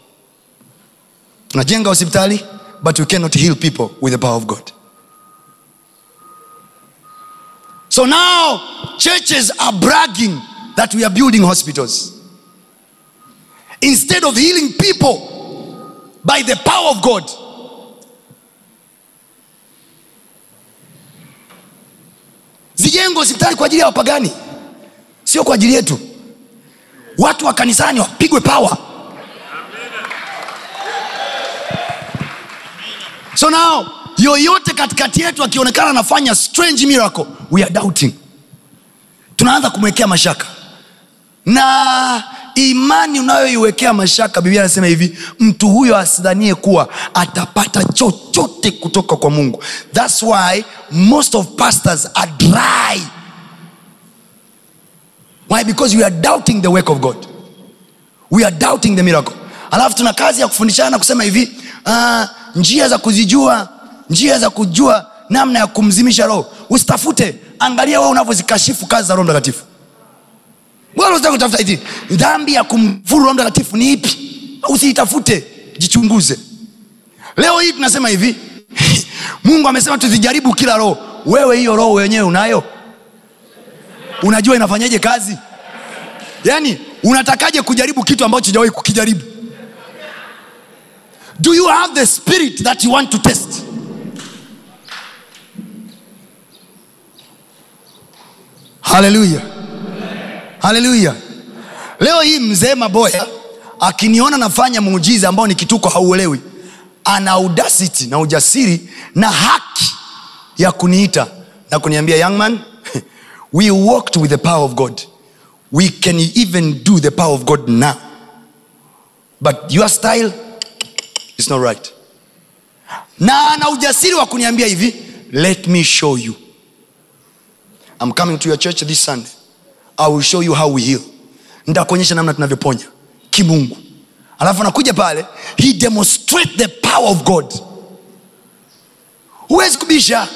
tunajenga hospitali but we cannot heal people with the power of god so now churches are bragging that we are building hospitals instead of healing people by the power of god zijengwe hospitali kwa ajili ya wapagani sio kwa ajili yetu watu wa kanisani wapigwe power so now yoyote katikati yetu akionekana anafanya strange miracle we are doubting tunaanza kumwekea mashaka na imani unayoiwekea mashaka biblia anasema hivi mtu huyo asidhanie kuwa atapata chochote kutoka kwa mungu thats why most of pastors are dry why because we are doubting the work of god we are doubting the miracle alafu tuna kazi ya kufundishana na kusema hivi uh, njia za kuzijua njia za kujua namna ya kumzimisha roho usitafute angalia wewe unavyozikashifu kazi za roho mtakatifu kutafuta hivi dhambi ya kumvuru roho mtakatifu ni ipi usiitafute jichunguze leo hii tunasema hivi [laughs] mungu amesema tuzijaribu kila roho wewe hiyo roho wenyewe unayo unajua inafanyaje kazi yaani unatakaje kujaribu kitu ambacho sijawahi kukijaribu Do you have the spirit that you want to test? Haleluya, haleluya. Leo hii mzee Maboya akiniona nafanya muujiza ambao ni kituko hauelewi, ana audacity na ujasiri na haki ya kuniita na kuniambia young man [laughs] we walked with the power of god we can even do the power of god now but your style It's not right na ana ujasiri wa kuniambia hivi let me show you I'm coming to your church this sunday i will show you how we heal nitakuonyesha namna tunavyoponya kimungu alafu anakuja pale he demonstrate the power of god huwezi kubisha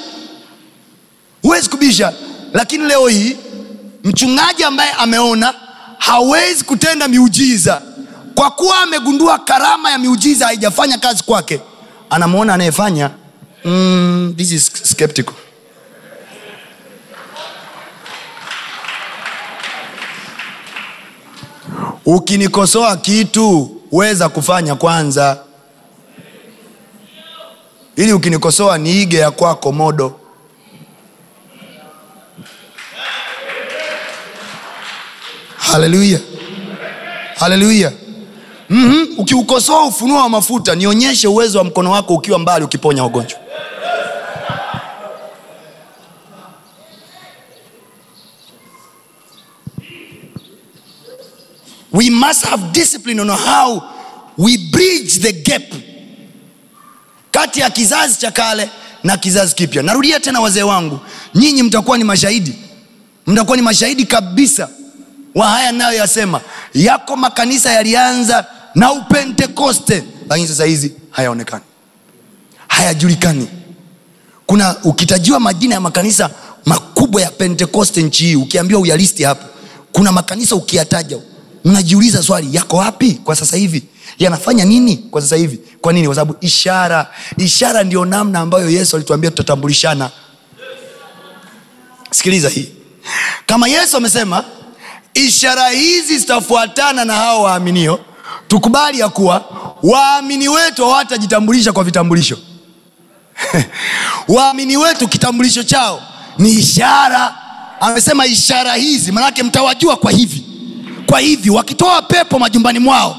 huwezi kubisha lakini leo hii mchungaji ambaye ameona hawezi kutenda miujiza kwa kuwa amegundua karama ya miujiza haijafanya kazi kwake anamwona anayefanya mm, this is skeptical ukinikosoa kitu weza kufanya kwanza ili ukinikosoa niige ya kwako modo haleluya haleluya mm-hmm. ukiukosoa ufunuo wa mafuta nionyeshe uwezo wa mkono wako ukiwa mbali ukiponya wagonjwa we must have discipline on how we bridge the gap kati ya kizazi cha kale na kizazi kipya narudia tena wazee wangu nyinyi mtakuwa ni mashahidi mtakuwa ni mashahidi kabisa wa haya nayo yasema yako makanisa yalianza na upentekoste lakini sasa hizi hayaonekani hayajulikani kuna ukitajiwa majina ya makanisa makubwa ya pentekoste nchi hii ukiambiwa uyalisti hapo kuna makanisa ukiyataja mnajiuliza swali yako wapi kwa sasa hivi yanafanya nini kwa sasa hivi kwa nini kwa sababu ishara ishara ndio namna ambayo yesu alituambia tutatambulishana sikiliza hii kama yesu amesema ishara hizi zitafuatana na hao waaminio tukubali ya kuwa waamini wetu hawatajitambulisha kwa vitambulisho [laughs] waamini wetu kitambulisho chao ni ishara amesema ishara hizi manake mtawajua kwa hivi kwa hivi wakitoa pepo majumbani mwao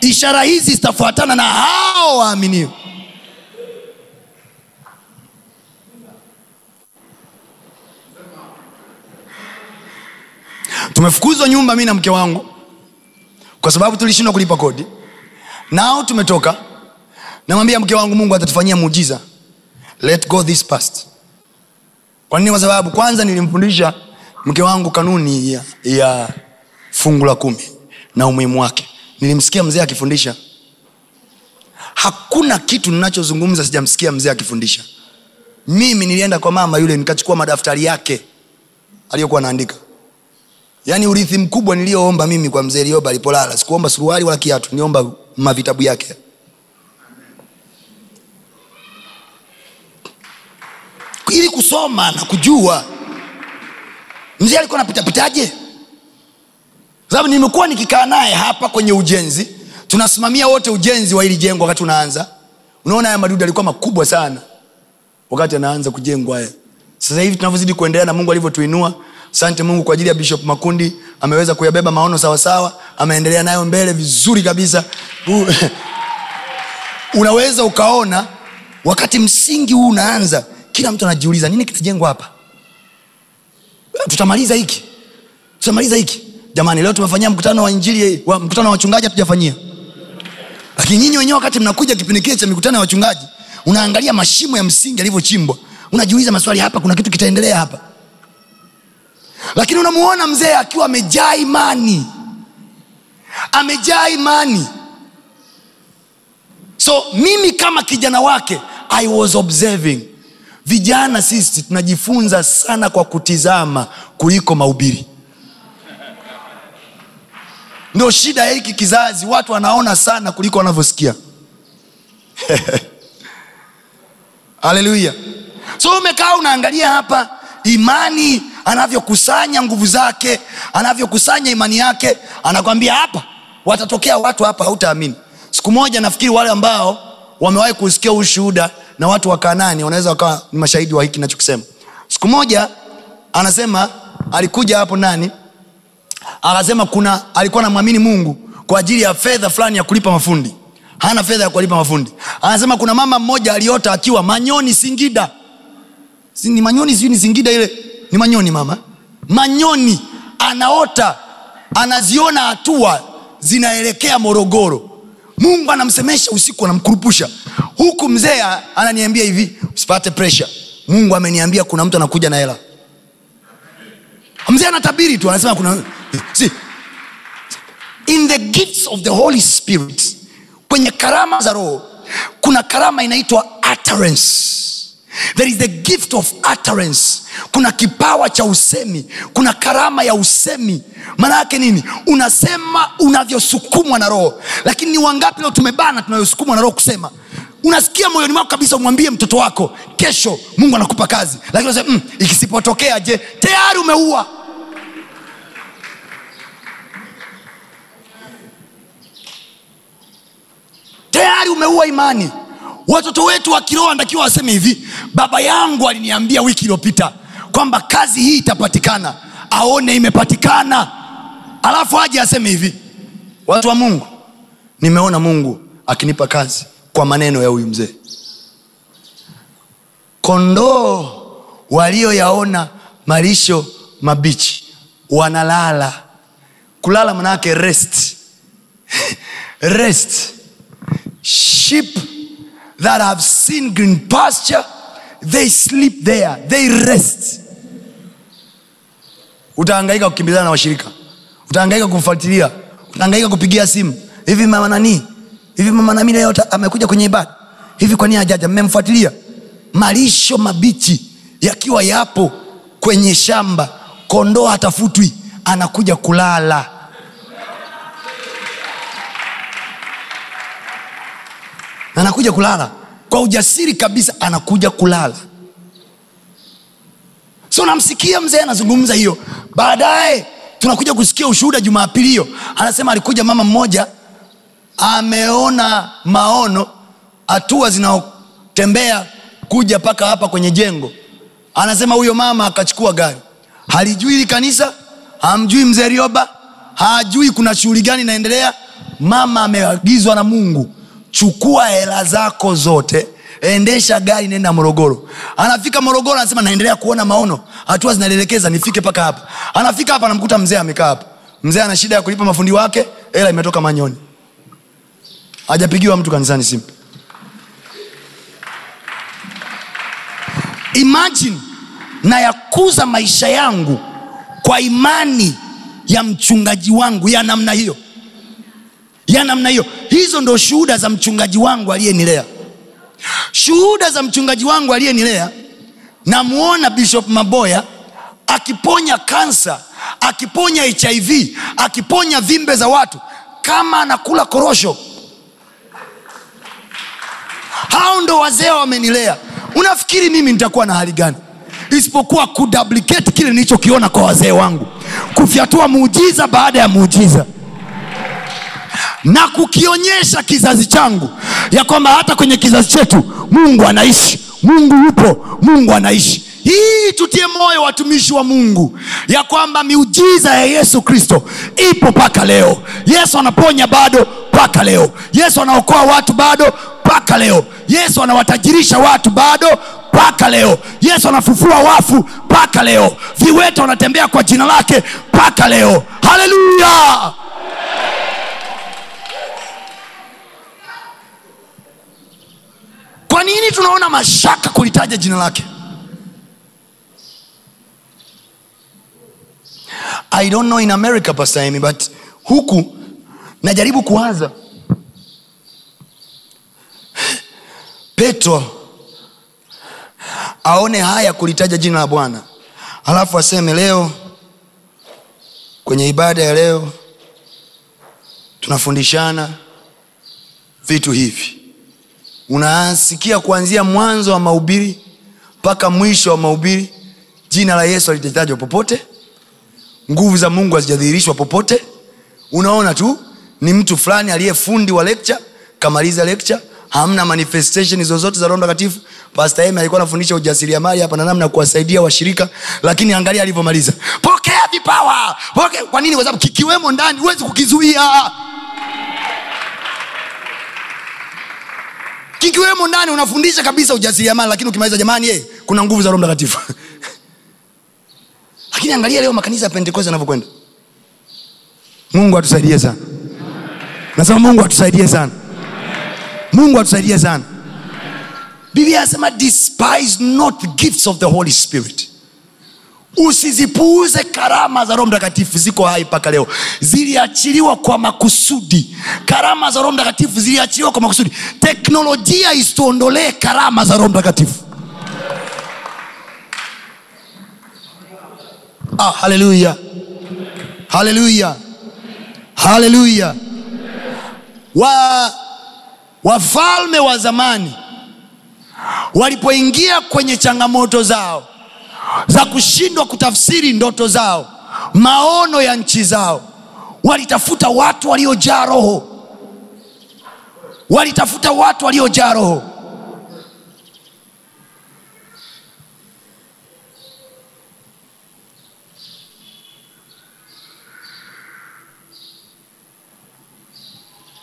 ishara hizi zitafuatana na hao waaminio tumefukuzwa nyumba mi na mke wangu kwa sababu tulishindwa kulipa kodi nao tumetoka namwambia mke wangu mungu atatufanyia muujiza let go this past kwa nini kwa sababu kwanza nilimfundisha mke wangu kanuni ya, ya fungu la kumi na umuhimu wake nilimsikia mzee akifundisha hakuna kitu ninachozungumza sijamsikia mzee akifundisha mimi nilienda kwa mama yule nikachukua madaftari yake aliyokuwa naandika yaani urithi mkubwa niliyoomba mimi kwa mzee lioba alipolala sikuomba suruali wala kiatu niomba mavitabu yake ili kusoma na kujua mzee alikuwa napitapitaje sababu nimekuwa nikikaa naye hapa kwenye ujenzi tunasimamia wote ujenzi wa ili jengo wakati unaanza unaona haya madudu alikuwa makubwa sana wakati anaanza kujengwa haya sasa hivi tunavyozidi kuendelea na mungu alivyotuinua asante mungu kwa ajili ya bishop makundi ameweza kuyabeba maono sawasawa ameendelea nayo mbele vizuri kabisa [laughs] unaweza ukaona wakati msingi huu unaanza kila mtu anajiuliza nini kitajengwa hapa eh, tutamaliza hiki tutamaliza hiki jamani leo tumefanyia mkutano wa injili wa, mkutano wa wachungaji hatujafanyia lakini nyinyi wenyewe wakati mnakuja kipindi kile cha mikutano ya wachungaji unaangalia mashimo ya msingi yalivyochimbwa unajiuliza maswali hapa kuna kitu kitaendelea hapa lakini unamuona mzee akiwa amejaa imani amejaa imani so mimi kama kijana wake i was observing vijana sisi tunajifunza sana kwa kutizama kuliko maubiri ndio shida ya hiki kizazi watu wanaona sana kuliko wanavyosikia [laughs] haleluya so umekaa unaangalia hapa imani anavyokusanya nguvu zake anavyokusanya imani yake anakwambia hapa watatokea watu hapa hautaamini siku moja nafikiri wale ambao wamewahi kusikia huu shuhuda na watu wa kanani wanaweza wakawa ni mashahidi wa hiki nachokisema siku moja anasema alikuja hapo nani akasema kuna alikuwa anamwamini mungu kwa ajili ya fedha fulani ya kulipa mafundi hana fedha ya kuwalipa mafundi anasema kuna mama mmoja aliota akiwa manyoni singida ni manyoni siu ni singida ile ni manyoni mama manyoni anaota anaziona hatua zinaelekea morogoro mungu anamsemesha usiku anamkurupusha huku mzee ananiambia hivi usipate presha mungu ameniambia kuna mtu anakuja na hela mzee anatabiri tu anasema kuna si. in the gifts of the holy spirit kwenye karama za roho kuna karama inaitwa utterance there is the gift of utterance kuna kipawa cha usemi kuna karama ya usemi maana yake nini unasema unavyosukumwa na roho lakini ni wangapi leo tumebana tunayosukumwa na roho kusema unasikia moyoni mwako kabisa umwambie mtoto wako kesho mungu anakupa kazi lakini mm, ikisipotokea je tayari umeua tayari umeua imani watoto wetu wakiroa wanatakiwa waseme hivi baba yangu aliniambia wiki iliyopita kwamba kazi hii itapatikana aone imepatikana alafu aje aseme hivi watu wa mungu nimeona mungu akinipa kazi kwa maneno ya huyu mzee kondoo walioyaona malisho mabichi wanalala kulala manaake rest [laughs] rest sheep that have seen green pasture they sleep there they rest utaangaika kukimbizana na washirika utaangaika kumfuatilia utaangaika kupigia simu hivi mama nani hivi mama namina yote amekuja kwenye ibada hivi kwa nini hajaja mmemfuatilia malisho mabichi yakiwa yapo kwenye shamba kondoo hatafutwi anakuja kulala anakuja kulala kwa ujasiri kabisa anakuja kulala so namsikia mzee anazungumza hiyo baadaye tunakuja kusikia ushuhuda jumapili hiyo anasema alikuja mama mmoja ameona maono hatua zinaotembea kuja mpaka hapa kwenye jengo anasema huyo mama akachukua gari halijui hili kanisa hamjui mzee rioba hajui kuna shughuli gani inaendelea mama ameagizwa na mungu chukua hela zako zote endesha gari nenda morogoro anafika morogoro anasema naendelea kuona maono hatua zinalielekeza nifike mpaka hapa anafika hapa anamkuta mzee amekaa hapa mzee ana shida ya kulipa mafundi wake hela imetoka manyoni ajapigiwa mtu kanisani simu imagine nayakuza maisha yangu kwa imani ya mchungaji wangu ya namna hiyo ya namna hiyo hizo ndo shuhuda za mchungaji wangu aliyenilea shuhuda za mchungaji wangu aliyenilea namuona bishop maboya akiponya kansa akiponya hiv akiponya vimbe za watu kama anakula korosho hao ndo wazee wamenilea unafikiri mimi nitakuwa na hali gani isipokuwa kuduplicate kile nilichokiona kwa wazee wangu kufyatua muujiza baada ya muujiza na kukionyesha kizazi changu ya kwamba hata kwenye kizazi chetu mungu anaishi mungu yupo mungu anaishi hii tutie moyo watumishi wa mungu ya kwamba miujiza ya yesu kristo ipo mpaka leo yesu anaponya bado mpaka leo yesu anaokoa watu bado mpaka leo yesu anawatajirisha watu bado mpaka leo yesu anafufua wafu mpaka leo viwete wanatembea kwa jina lake mpaka leo haleluya kwa nini tunaona mashaka kulitaja jina lake i don't know in america pasemi but huku najaribu kuwaza petro aone haya kulitaja jina la bwana alafu aseme leo kwenye ibada ya leo tunafundishana vitu hivi unasikia kuanzia mwanzo wa mahubiri mpaka mwisho wa mahubiri jina la yesu alitetajwa popote nguvu za mungu hazijadhihirishwa popote unaona tu ni mtu fulani aliyefundi wa lecture kamaliza lecture hamna manifestation zozote za roho mtakatifu pasta alikuwa anafundisha ujasiriamali hapa na namna kuwasaidia washirika lakini angalia alivyomaliza pokea vipawa pokea kwa nini kwa sababu kikiwemo ndani huwezi kukizuia kikiwemo ndani unafundisha kabisa ujasiriamali lakini ukimaliza jamani ye, eh, kuna nguvu za roho mtakatifu [laughs] lakini angalia leo makanisa ya pentekoste yanavyokwenda mungu atusaidie sana nasema mungu atusaidie sana mungu atusaidie sana biblia anasema despise not gifts of the holy spirit usizipuuze karama za roho mtakatifu ziko hai mpaka leo ziliachiliwa kwa makusudi karama za roho mtakatifu ziliachiliwa kwa makusudi teknolojia isituondolee karama za roho mtakatifu ah, haleluya haleluya haleluya wa wafalme wa zamani walipoingia kwenye changamoto zao za kushindwa kutafsiri ndoto zao maono ya nchi zao walitafuta watu waliojaa roho walitafuta watu waliojaa roho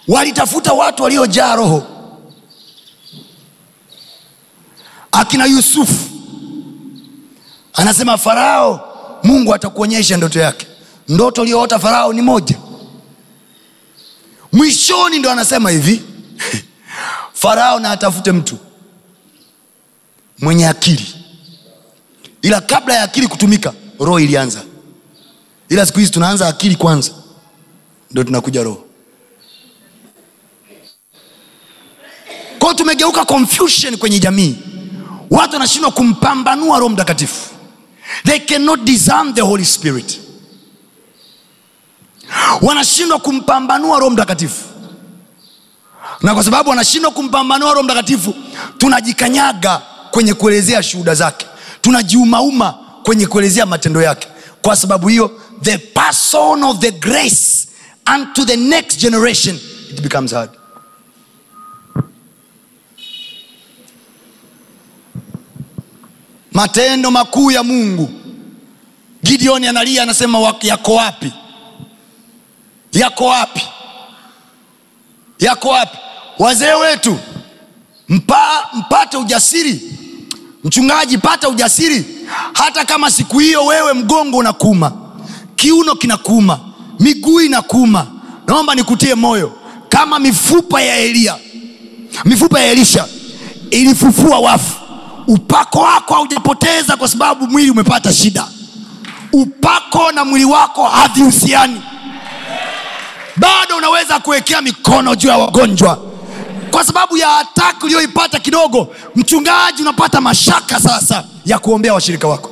walitafuta watu waliojaa roho akina yusufu anasema farao mungu atakuonyesha ndoto yake ndoto uliyoota farao ni moja mwishoni ndo anasema hivi [laughs] farao na atafute mtu mwenye akili ila kabla ya akili kutumika roho ilianza ila siku hizi tunaanza akili kwanza ndo tunakuja roho kwao tumegeuka confusion kwenye jamii watu wanashindwa kumpambanua roho mtakatifu they cannot discern the holy spirit wanashindwa kumpambanua roho mtakatifu na kwa sababu wanashindwa kumpambanua roho mtakatifu tunajikanyaga kwenye kuelezea shuhuda zake tunajiumauma kwenye kuelezea matendo yake kwa sababu hiyo the person of the grace unto the next generation it becomes hard matendo makuu ya mungu gideoni analia anasema yako wapi yako wapi yako wapi wazee wetu mpa, mpate ujasiri mchungaji pata ujasiri hata kama siku hiyo wewe mgongo unakuuma kiuno kinakuuma miguu inakuuma naomba nikutie moyo kama mifupa ya elia mifupa ya elisha ilifufua wafu upako wako haujapoteza kwa sababu mwili umepata shida upako na mwili wako havihusiani bado unaweza kuwekea mikono juu ya wagonjwa kwa sababu ya hataki uliyoipata kidogo mchungaji unapata mashaka sasa ya kuombea washirika wako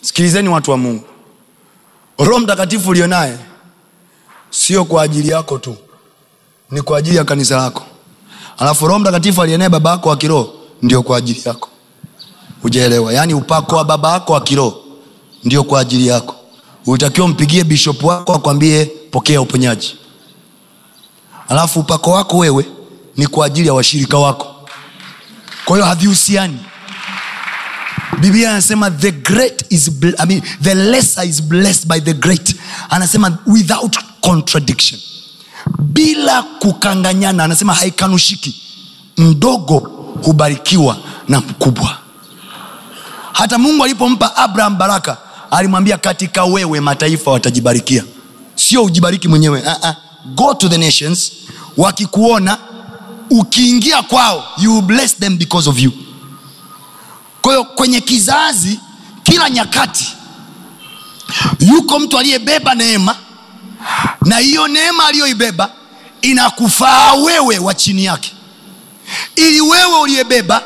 sikilizeni watu wa mungu roho mtakatifu ulionaye sio kwa ajili yako tu ni kwa ajili ya kanisa lako alafu roho mtakatifu alienee baba yako wa kiroho ndio kwa ajili yako ujaelewa yaani upako wa baba yako wa kiroho ndio kwa ajili yako ulitakiwa mpigie bishop wako akwambie pokea uponyaji alafu upako wako wewe ni kwa ajili ya washirika wako kwa hiyo havihusiani biblia anasema the great is I mean, the lesser is blessed by the great anasema without contradiction bila kukanganyana anasema haikanushiki mdogo hubarikiwa na mkubwa hata mungu alipompa abraham baraka alimwambia katika wewe mataifa watajibarikia sio ujibariki mwenyewe uh-uh. go to the nations wakikuona ukiingia kwao you bless them because of you kwahiyo kwenye kizazi kila nyakati yuko mtu aliyebeba neema na hiyo neema aliyoibeba inakufaa wewe wa chini yake ili wewe uliyebeba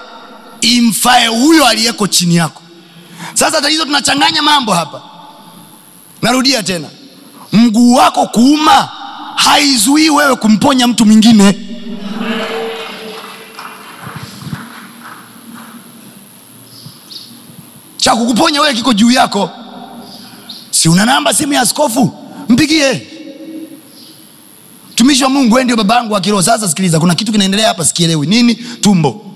imfae huyo aliyeko chini yako sasa tatizo tunachanganya mambo hapa narudia tena mguu wako kuuma haizuii wewe kumponya mtu mwingine cha kukuponya wewe kiko juu yako si una namba simu ya askofu mpigie mtumishi wa mungu ndio baba yangu wa sasa sikiliza kuna kitu kinaendelea hapa sikielewi nini tumbo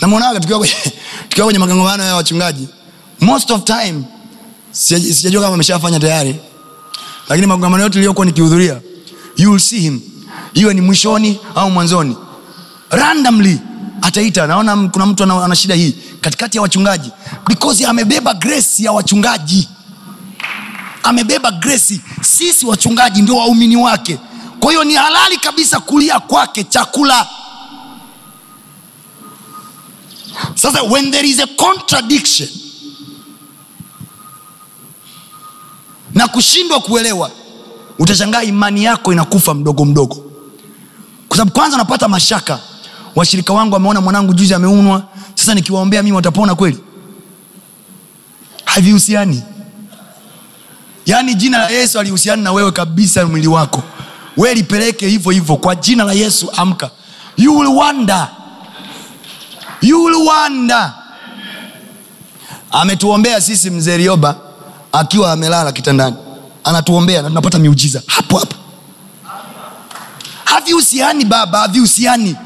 namwonaga tukiwa kwenye, [laughs] tukiwa kwenye makongamano ya wachungaji most of time sijajua kama ameshafanya tayari lakini magongomano yote iliyokuwa nikihudhuria see him iwe ni mwishoni au mwanzoni randomly ataita naona kuna mtu ana, ana shida hii katikati ya wachungaji because amebeba grace ya wachungaji amebeba gresi sisi wachungaji ndio waumini wake kwa hiyo ni halali kabisa kulia kwake chakula sasa when there is a contradiction na kushindwa kuelewa utashangaa imani yako inakufa mdogo mdogo kwa sababu kwanza unapata mashaka washirika wangu wameona mwanangu juzi ameunwa sasa nikiwaombea mimi watapona kweli havihusiani yaani jina la yesu alihusiana na wewe kabisa mwili wako we lipeleke hivyo hivyo kwa jina la yesu amka you ametuombea sisi mzee rioba akiwa amelala kitandani anatuombea na tunapata miujiza hapo hapo havihusiani baba havihusiani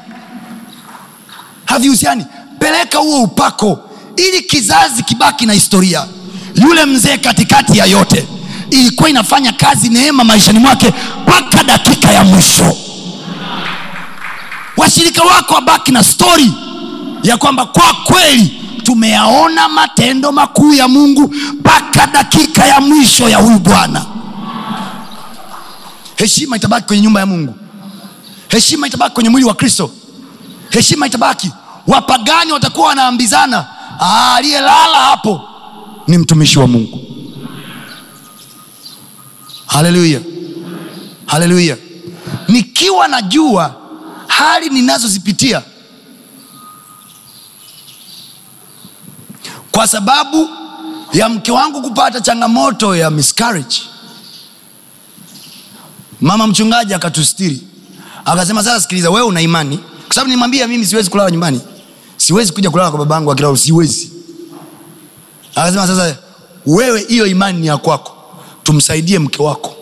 havihusiani peleka huo upako ili kizazi kibaki na historia yule mzee katikati ya yote ilikuwa inafanya kazi neema maishani mwake mpaka dakika ya mwisho washirika wako wabaki na stori ya kwamba kwa kweli tumeyaona matendo makuu ya mungu mpaka dakika ya mwisho ya huyu bwana heshima itabaki kwenye nyumba ya mungu heshima itabaki kwenye mwili wa kristo heshima itabaki wapagani watakuwa wanaambizana ah, aliyelala hapo ni mtumishi wa mungu haleluya haleluya nikiwa najua hali ninazozipitia kwa sababu ya mke wangu kupata changamoto ya miscarriage mama mchungaji akatustiri akasema sasa sikiliza wewe una imani kwa sababu nimwambia mimi siwezi kulala nyumbani siwezi kuja kulala kwa babangu akilala siwezi akasema sasa wewe hiyo imani ni ya kwako tumsaidie mke wako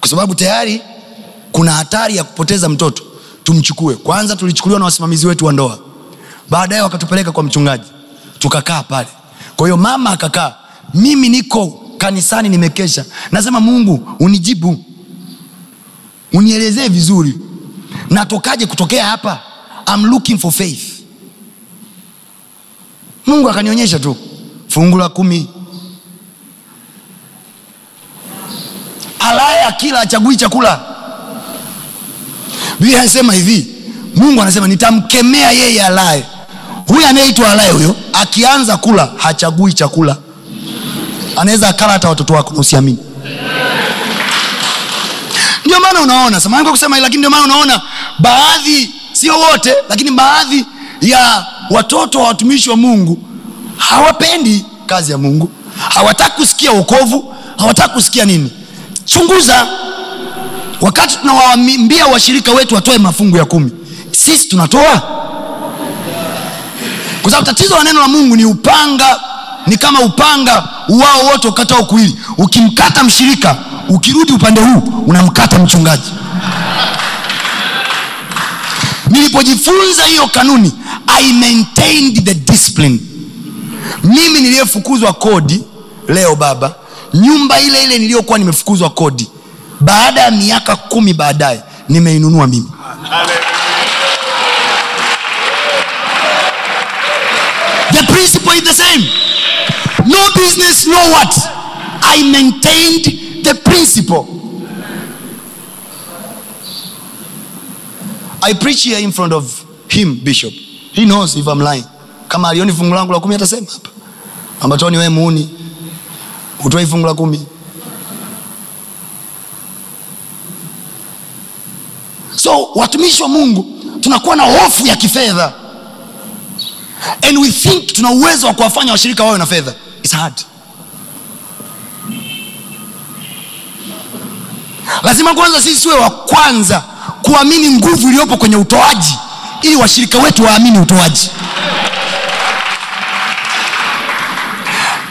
kwa sababu tayari kuna hatari ya kupoteza mtoto tumchukue kwanza tulichukuliwa na wasimamizi wetu wa ndoa baadaye wakatupeleka kwa mchungaji tukakaa pale kwa hiyo mama akakaa mimi niko kanisani nimekesha nasema mungu unijibu unielezee vizuri natokaje kutokea hapa I'm looking for faith mungu akanionyesha tu fungu la kumi alaye akila achagui chakula biblia anasema hivi mungu anasema nitamkemea yeye alaye huyu anayeitwa alaye huyo akianza kula hachagui chakula anaweza akala hata watoto wako na usiamini ndio maana unaona samani kwa kusema lakini ndio maana unaona baadhi sio wote lakini baadhi ya watoto wa watumishi wa mungu hawapendi kazi ya mungu hawataki kusikia wokovu, hawataki kusikia nini chunguza wakati tunawaambia washirika wetu watoe mafungu ya kumi sisi tunatoa kwa sababu tatizo la neno la mungu ni upanga ni kama upanga uwao wote ukatao kuili ukimkata mshirika ukirudi upande huu unamkata mchungaji nilipojifunza hiyo kanuni i maintained the discipline mimi niliyefukuzwa kodi leo baba nyumba ile ile niliyokuwa nimefukuzwa kodi baada ya miaka kumi baadaye nimeinunua mimi the principle is the same no business no what i maintained the principle i preach here in front of him bishop he knows if i'm lying kama alioni fungu langu la kumi atasema hapa ambatoni wee muuni utoi fungu la kumi so watumishi wa mungu tunakuwa na hofu ya kifedha and we think tuna uwezo wa kuwafanya washirika wawe na fedha its hard lazima kwanza sisi siwe wa kwanza kuamini nguvu iliyopo kwenye utoaji ili washirika wetu waamini utoaji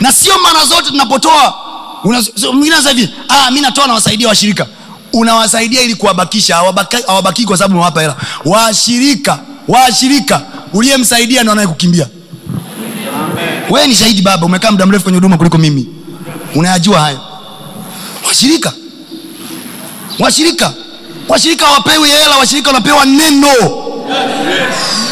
na sio mara zote tunapotoa mwingine hivi ah, mi natoa nawasaidia washirika unawasaidia ili kuwabakisha hawabakii kwa sababu mewapa hela washirika washirika uliyemsaidia ndo anayekukimbia wewe ni shahidi baba umekaa muda mrefu kwenye huduma kuliko mimi unayajua hayo washirika washirika washirika hawapewi hela washirika wanapewa neno yes.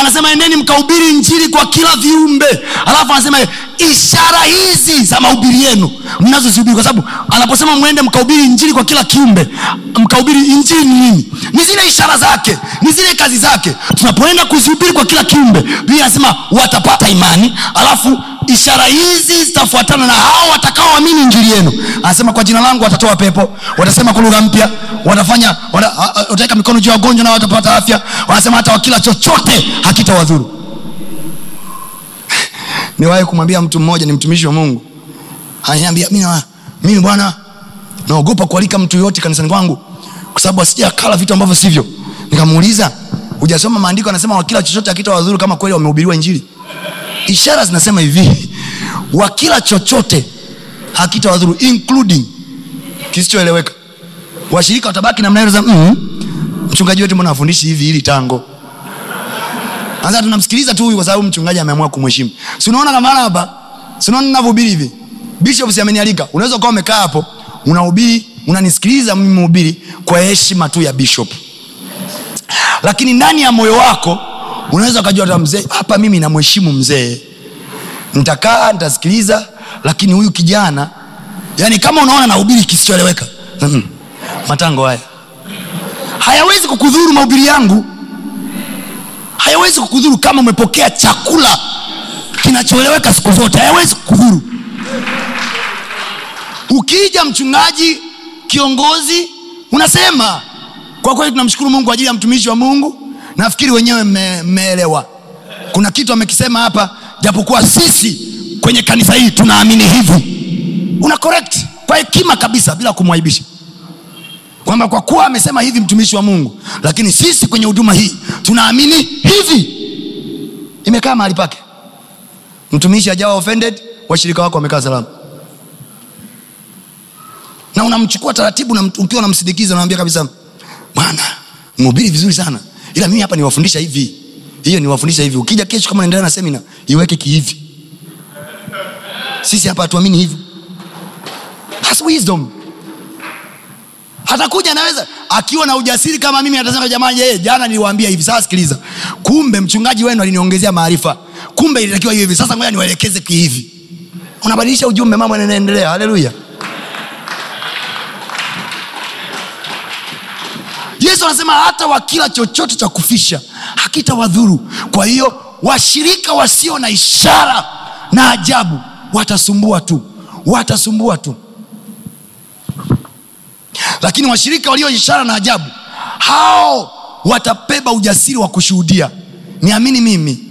anasema endeni mkahubiri njiri kwa kila viumbe alafu anasema ishara hizi za mahubiri yenu mnazozihubiri kwa sababu anaposema mwende mkahubiri njiri kwa kila kiumbe mkahubiri injiri ni nini ni zile ishara zake ni zile kazi zake tunapoenda kuzihubiri kwa kila kiumbe bii anasema watapata imani alafu ishara hizi zitafuatana na hao watakaoamini injili yenu anasema kwa jina langu watatoa pepo watasema kwa lugha mpya watafanya wataweka mikono juu ya wagonjwa na watapata afya wanasema hata wakila chochote hakitawadhuru [laughs] niwahi kumwambia mtu mmoja ni mtumishi wa mungu ananiambia mimi bwana naogopa kualika mtu yoyote kanisani kwangu kwa sababu asijakala vitu ambavyo sivyo nikamuuliza hujasoma maandiko anasema wakila chochote akita wadhuru kama kweli wamehubiriwa injili ishara zinasema hivi wakila chochote hakitawadhuru including kisichoeleweka washirika watabaki namna hiyo mm, mchungaji wetu mbona afundishi hivi hili tango anza tunamsikiliza tu huyu kwa sababu mchungaji ameamua kumheshimu si unaona kama hapa si unaona ninavyohubiri hivi bishop si amenialika unaweza ukawa umekaa hapo unahubiri unanisikiliza mimi mhubiri kwa heshima tu ya bishop lakini ndani ya moyo wako unaweza ukajua hata mzee hapa mimi namheshimu mzee ntakaa ntasikiliza lakini huyu kijana yani kama unaona naubiri kisichoeleweka matango haya hayawezi kukudhuru maubiri yangu hayawezi kukudhuru kama umepokea chakula kinachoeleweka siku zote hayawezi kukudhuru ukija mchungaji kiongozi unasema kwa kweli tunamshukuru mungu kwa ajili ya mtumishi wa mungu nafikiri wenyewe mmeelewa me, kuna kitu amekisema hapa japokuwa sisi kwenye kanisa hii tunaamini hivi una correct kwa hekima kabisa bila kumwaibisha kwamba kwa kuwa amesema hivi mtumishi wa mungu lakini sisi kwenye huduma hii tunaamini hivi imekaa mahali pake mtumishi ajawa offended washirika wako wamekaa salama na unamchukua taratibu na ukiwa unamsindikiza unamwambia kabisa bwana mhubiri vizuri sana ila mimi hapa niwafundisha hivi hiyo niwafundisha hivi ukija kesho kama naendelea na semina iweke kihivi sisi hapa hatuamini hivyo wisdom atakuja anaweza akiwa na ujasiri kama mimi atasema jamani yeye jana niliwaambia hivi sasa sikiliza kumbe mchungaji wenu aliniongezea maarifa kumbe ilitakiwa hivi sasa ngoja niwaelekeze kihivi unabadilisha ujumbe mambo yanaendelea haleluya kristo anasema hata wakila chochote cha kufisha hakitawadhuru kwa hiyo washirika wasio na ishara na ajabu watasumbua tu watasumbua tu lakini washirika walio ishara na ajabu hao watapeba ujasiri wa kushuhudia niamini mimi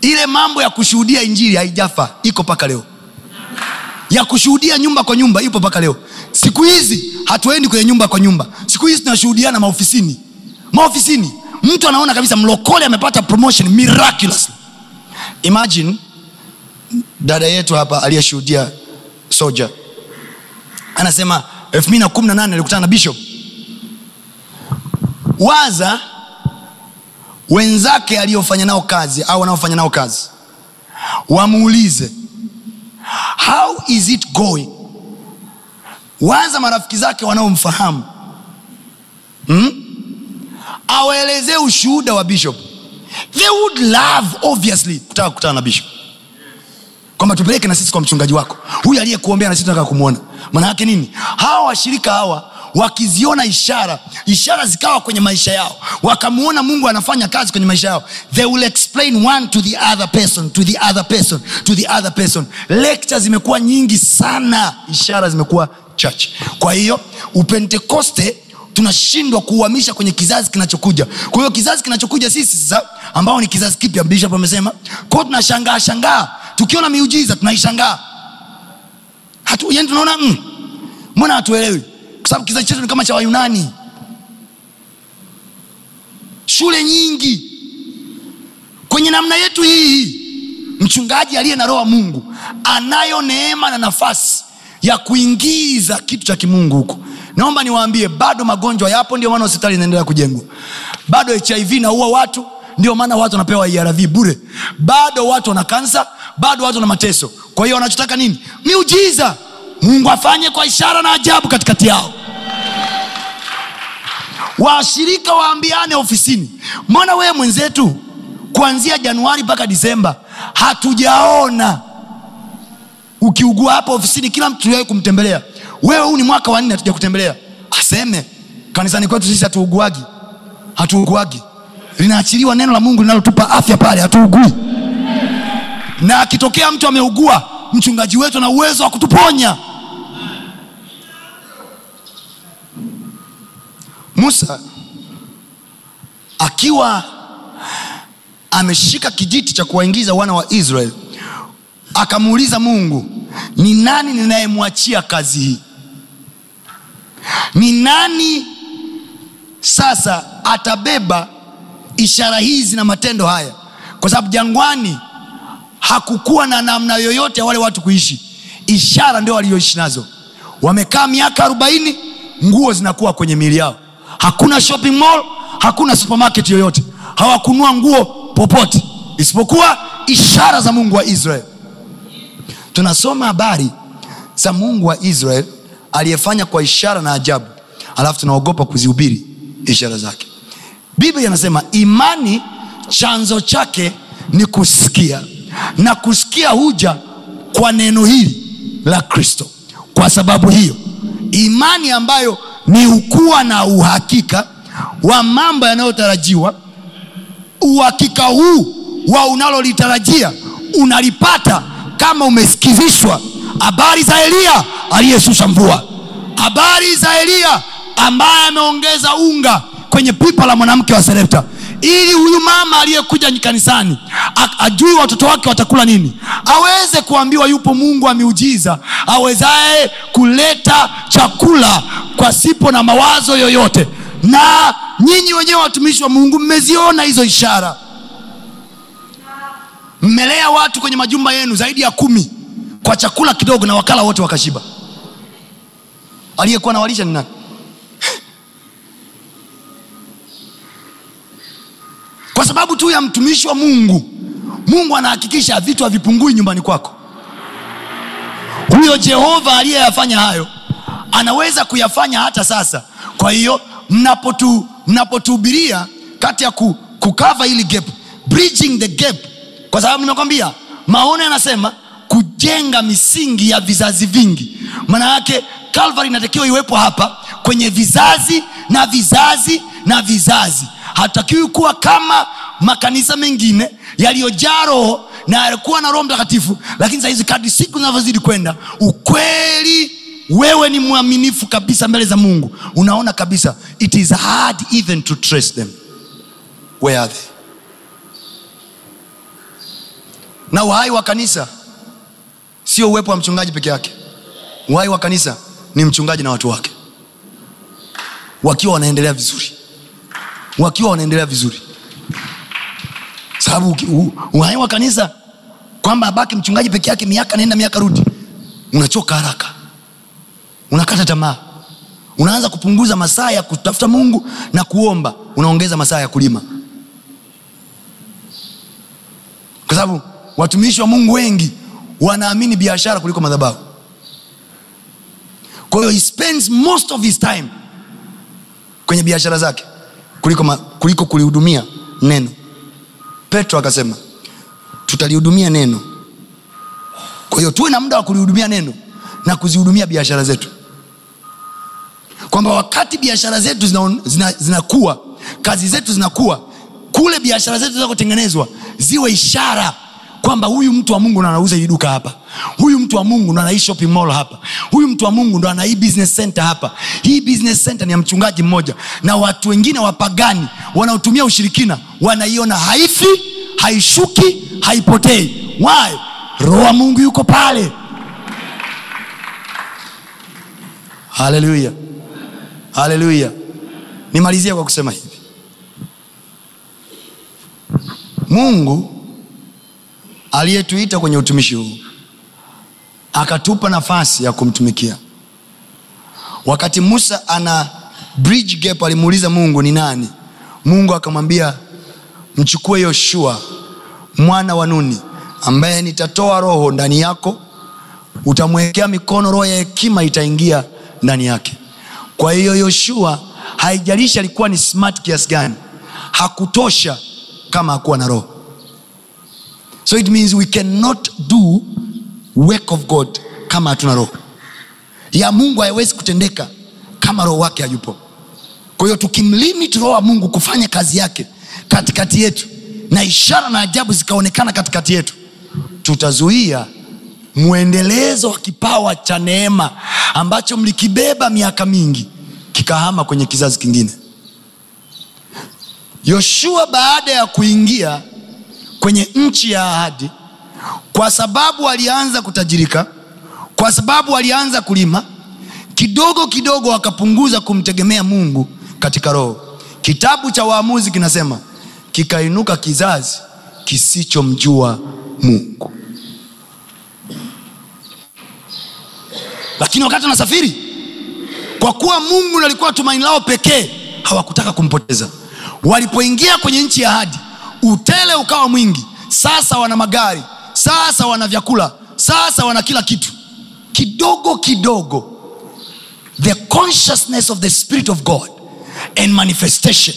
ile mambo ya kushuhudia injili haijafa iko mpaka leo ya kushuhudia nyumba kwa nyumba ipo mpaka leo siku hizi hatuendi kwenye nyumba kwa nyumba siku hizi tunashuhudiana maofisini maofisini mtu anaona kabisa mlokole amepata promotion miraculously imagine dada yetu hapa aliyeshuhudia soja anasema elfu alikutana na bishop waza wenzake aliyofanya nao kazi au wanaofanya nao kazi wamuulize how is it going waza marafiki zake wanaomfahamu hmm? awaelezee ushuhuda wa bishop they would love obviously kutaka kukutana na bishop kwamba tupeleke na sisi kwa mchungaji wako huyu aliyekuombea na sisi tunataka kumwona maana yake nini hawa washirika hawa wakiziona ishara ishara zikawa kwenye maisha yao wakamwona mungu anafanya kazi kwenye maisha yao they will explain one to the other person to the other person to the other person lecture zimekuwa nyingi sana ishara zimekuwa chache kwa hiyo upentekoste tunashindwa kuuhamisha kwenye kizazi kinachokuja kwa hiyo kizazi kinachokuja sisi sasa ambao ni kizazi kipya bishop amesema kwao tunashangaa shangaa tukiona miujiza tunaishangaa yani tunaona mm, hatuelewi kwa sababu kizazi chetu ni kama cha wayunani shule nyingi kwenye namna yetu hii mchungaji aliye na roho wa mungu anayo neema na nafasi ya kuingiza kitu cha kimungu huko naomba niwaambie bado magonjwa yapo ndio maana hospitali inaendelea kujengwa bado hiv naua watu ndio maana watu wanapewa irv e bure bado watu wana kansa bado watu wana mateso kwa hiyo wanachotaka nini miujiza mungu afanye kwa ishara na ajabu katikati yao washirika waambiane ofisini mbona wewe mwenzetu kuanzia januari mpaka disemba hatujaona ukiugua hapa ofisini kila mtu tuliwahi kumtembelea wewe huu ni mwaka wanne hatuja kutembelea aseme kanisani kwetu sisi hatuuguagi hatuuguagi linaachiliwa neno la mungu linalotupa afya pale hatuugui na akitokea mtu ameugua mchungaji wetu ana uwezo wa kutuponya Musa akiwa ameshika kijiti cha kuwaingiza wana wa Israeli akamuuliza Mungu, ni nani ninayemwachia kazi hii? Ni nani sasa atabeba ishara hizi na matendo haya? Kwa sababu jangwani hakukuwa na namna yoyote ya wale watu kuishi. Ishara ndio walioishi nazo. Wamekaa miaka arobaini, nguo zinakuwa kwenye miili yao hakuna shopping mall hakuna supermarket yoyote hawakunua nguo popote isipokuwa ishara za mungu wa israel tunasoma habari za mungu wa israel aliyefanya kwa ishara na ajabu alafu tunaogopa kuzihubiri ishara zake biblia anasema imani chanzo chake ni kusikia na kusikia huja kwa neno hili la kristo kwa sababu hiyo imani ambayo ni ukuwa na uhakika wa mambo yanayotarajiwa uhakika huu wa unalolitarajia unalipata kama umesikizishwa habari za eliya aliyeshusha mvua habari za eliya ambaye ameongeza unga kwenye pipa la mwanamke wa serepta ili huyu mama aliyekuja kanisani ajui watoto wake watakula nini aweze kuambiwa yupo mungu ameujiza awezaye kuleta chakula sipo na mawazo yoyote na nyinyi wenyewe watumishi wa mungu mmeziona hizo ishara mmelea watu kwenye majumba yenu zaidi ya kumi kwa chakula kidogo na wakala wote wakashiba aliyekuwa nawalisha ni nani sababu tu ya mtumishi wa mungu mungu anahakikisha vitu havipungui nyumbani kwako huyo jehova aliyeyafanya hayo anaweza kuyafanya hata sasa kwa hiyo mnapotuhubiria mnapotu, kati ya kukava hili gap bridging the gap kwa sababu nimekwambia maono yanasema kujenga misingi ya vizazi vingi maana yake calvary inatakiwa iwepo hapa kwenye vizazi na vizazi na vizazi hatakiwi kuwa kama makanisa mengine yaliyojaa roho na yalikuwa na roho mtakatifu lakini sahizi kadri siku zinavyozidi kwenda ukweli wewe ni mwaminifu kabisa mbele za mungu unaona kabisa it is hard even to trace them where are they na uhai wa kanisa sio uwepo wa mchungaji peke yake uhai wa kanisa ni mchungaji na watu wake wakiwa wanaendelea vizuri wakiwa wanaendelea vizuri sababu uhai wa kanisa kwamba abaki mchungaji peke yake miaka nenda miaka rudi unachoka haraka unakata tamaa unaanza kupunguza masaa ya kutafuta mungu na kuomba unaongeza masaa ya kulima kwa sababu watumishi wa mungu wengi wanaamini biashara kuliko madhabahu kwa hiyo he spends most of his time kwenye biashara zake kuliko, ma, kuliko kulihudumia neno petro akasema tutalihudumia neno kwa hiyo tuwe na muda wa kulihudumia neno na kuzihudumia biashara zetu kwamba wakati biashara zetu zinakuwa zina, zina, kazi zetu zinakuwa kule biashara zetu zinakotengenezwa kutengenezwa ziwe ishara kwamba huyu mtu wa mungu ndo anauza hii duka hapa huyu mtu wa mungu ndo ana mall hapa huyu mtu wa mungu ndo ana hii business center hapa hii business center ni ya mchungaji mmoja na watu wengine wapagani wanaotumia ushirikina wanaiona haifi haishuki haipotei wayo roho wa mungu yuko pale haleluya haleluya nimalizie kwa kusema hivi mungu aliyetuita kwenye utumishi huu akatupa nafasi ya kumtumikia wakati musa ana bridge gap alimuuliza mungu ni nani mungu akamwambia mchukue yoshua mwana wa nuni ambaye nitatoa roho ndani yako utamwekea mikono roho ya hekima itaingia ndani yake kwa hiyo yoshua haijalishi alikuwa ni smart kiasi gani hakutosha kama hakuwa na roho so it means we cannot do work of god kama hatuna roho ya mungu haiwezi kutendeka kama roho wake hayupo kwa hiyo tukimlimit roho wa mungu kufanya kazi yake katikati yetu na ishara na ajabu zikaonekana katikati yetu tutazuia mwendelezo wa kipawa cha neema ambacho mlikibeba miaka mingi kikahama kwenye kizazi kingine yoshua baada ya kuingia kwenye nchi ya ahadi kwa sababu walianza kutajirika kwa sababu walianza kulima kidogo kidogo wakapunguza kumtegemea mungu katika roho kitabu cha waamuzi kinasema kikainuka kizazi kisichomjua mungu lakini wakati wanasafiri kwa kuwa mungu alikuwa tumaini lao pekee hawakutaka kumpoteza walipoingia kwenye nchi ya ahadi utele ukawa mwingi sasa wana magari sasa wana vyakula sasa wana kila kitu kidogo kidogo the consciousness of the spirit of god and manifestation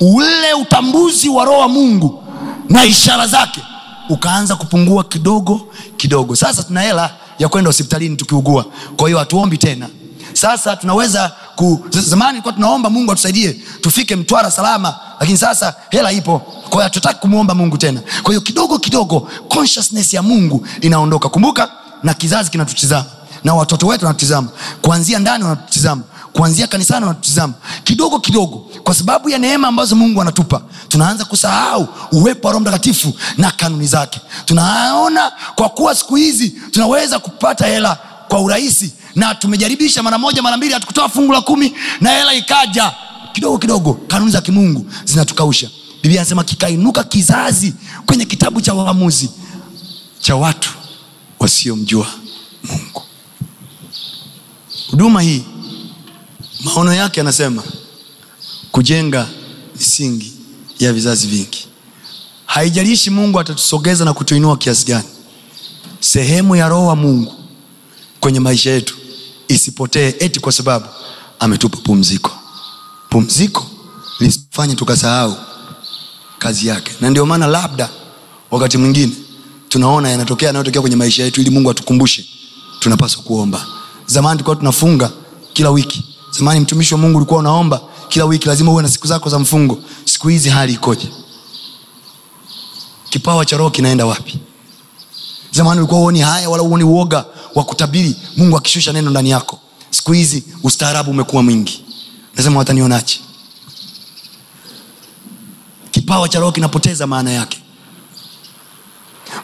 ule utambuzi wa roho wa mungu na ishara zake ukaanza kupungua kidogo kidogo sasa tuna hela ya kwenda hospitalini tukiugua kwa hiyo hatuombi tena sasa tunaweza ku, zamani kuwa tunaomba mungu atusaidie tufike mtwara salama lakini sasa hela ipo kwa hatutaki kumwomba mungu tena kwa hiyo kidogo kidogo consciousness ya mungu inaondoka kumbuka na kizazi kinatutizama na watoto wetu wanatutizama kuanzia ndani wanatutizama kuanzia kanisani wanatutizama kidogo kidogo kwa sababu ya neema ambazo mungu anatupa tunaanza kusahau uwepo wa roho mtakatifu na kanuni zake tunaona kwa kuwa siku hizi tunaweza kupata hela kwa urahisi na tumejaribisha mara moja mara mbili hatukutoa fungu la kumi na hela ikaja kidogo kidogo kanuni za kimungu zinatukausha biblia anasema kikainuka kizazi kwenye kitabu cha waamuzi cha watu wasiomjua mungu huduma hii maono yake anasema kujenga misingi ya vizazi vingi haijalishi mungu atatusogeza na kutuinua kiasi gani sehemu ya roho wa mungu kwenye maisha yetu isipotee eti kwa sababu ametupa pumziko pumziko lisifanye tukasahau kazi yake na ndio maana labda wakati mwingine tunaona yanatokea yanayotokea kwenye maisha yetu ili mungu atukumbushe tunapaswa kuomba zamani tulikuwa tunafunga kila wiki zamani mtumishi wa mungu ulikuwa unaomba kila wiki lazima uwe na siku zako za mfungo siku hizi hali ikoje kipawa cha roho kinaenda wapi zamani ulikuwa uoni haya wala uoni uoga wa kutabiri mungu akishusha neno ndani yako siku hizi ustaarabu umekuwa mwingi nasema watanionache kipawa cha roho kinapoteza maana yake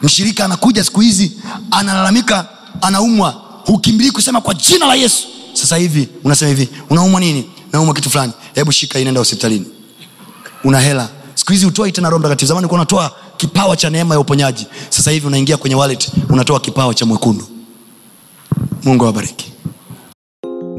mshirika anakuja siku hizi analalamika anaumwa hukimbilii kusema kwa jina la yesu sasa hivi unasema hivi unaumwa nini naumwa kitu fulani hebu shika inaenda hospitalini una hela siku hizi utoi tena roho mtakatifu zamani ulikuwa unatoa kipawa cha neema ya uponyaji sasa hivi unaingia kwenye wallet unatoa kipawa cha mwekundu mungu awabariki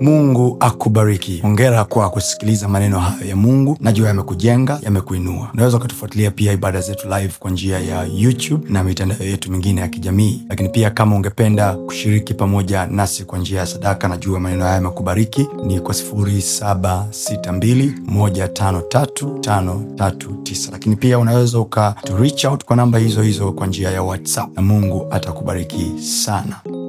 Mungu akubariki. Hongera kwa kusikiliza maneno hayo ya Mungu, najua yamekujenga, yamekuinua. Unaweza ukatufuatilia pia ibada zetu live kwa njia ya YouTube na mitandao yetu mingine ya kijamii, lakini pia kama ungependa kushiriki pamoja nasi kwa njia ya sadaka, najua maneno hayo yamekubariki, ni kwa 0762153539 lakini pia unaweza ukatu reach out kwa namba hizo hizo kwa njia ya WhatsApp na Mungu atakubariki sana.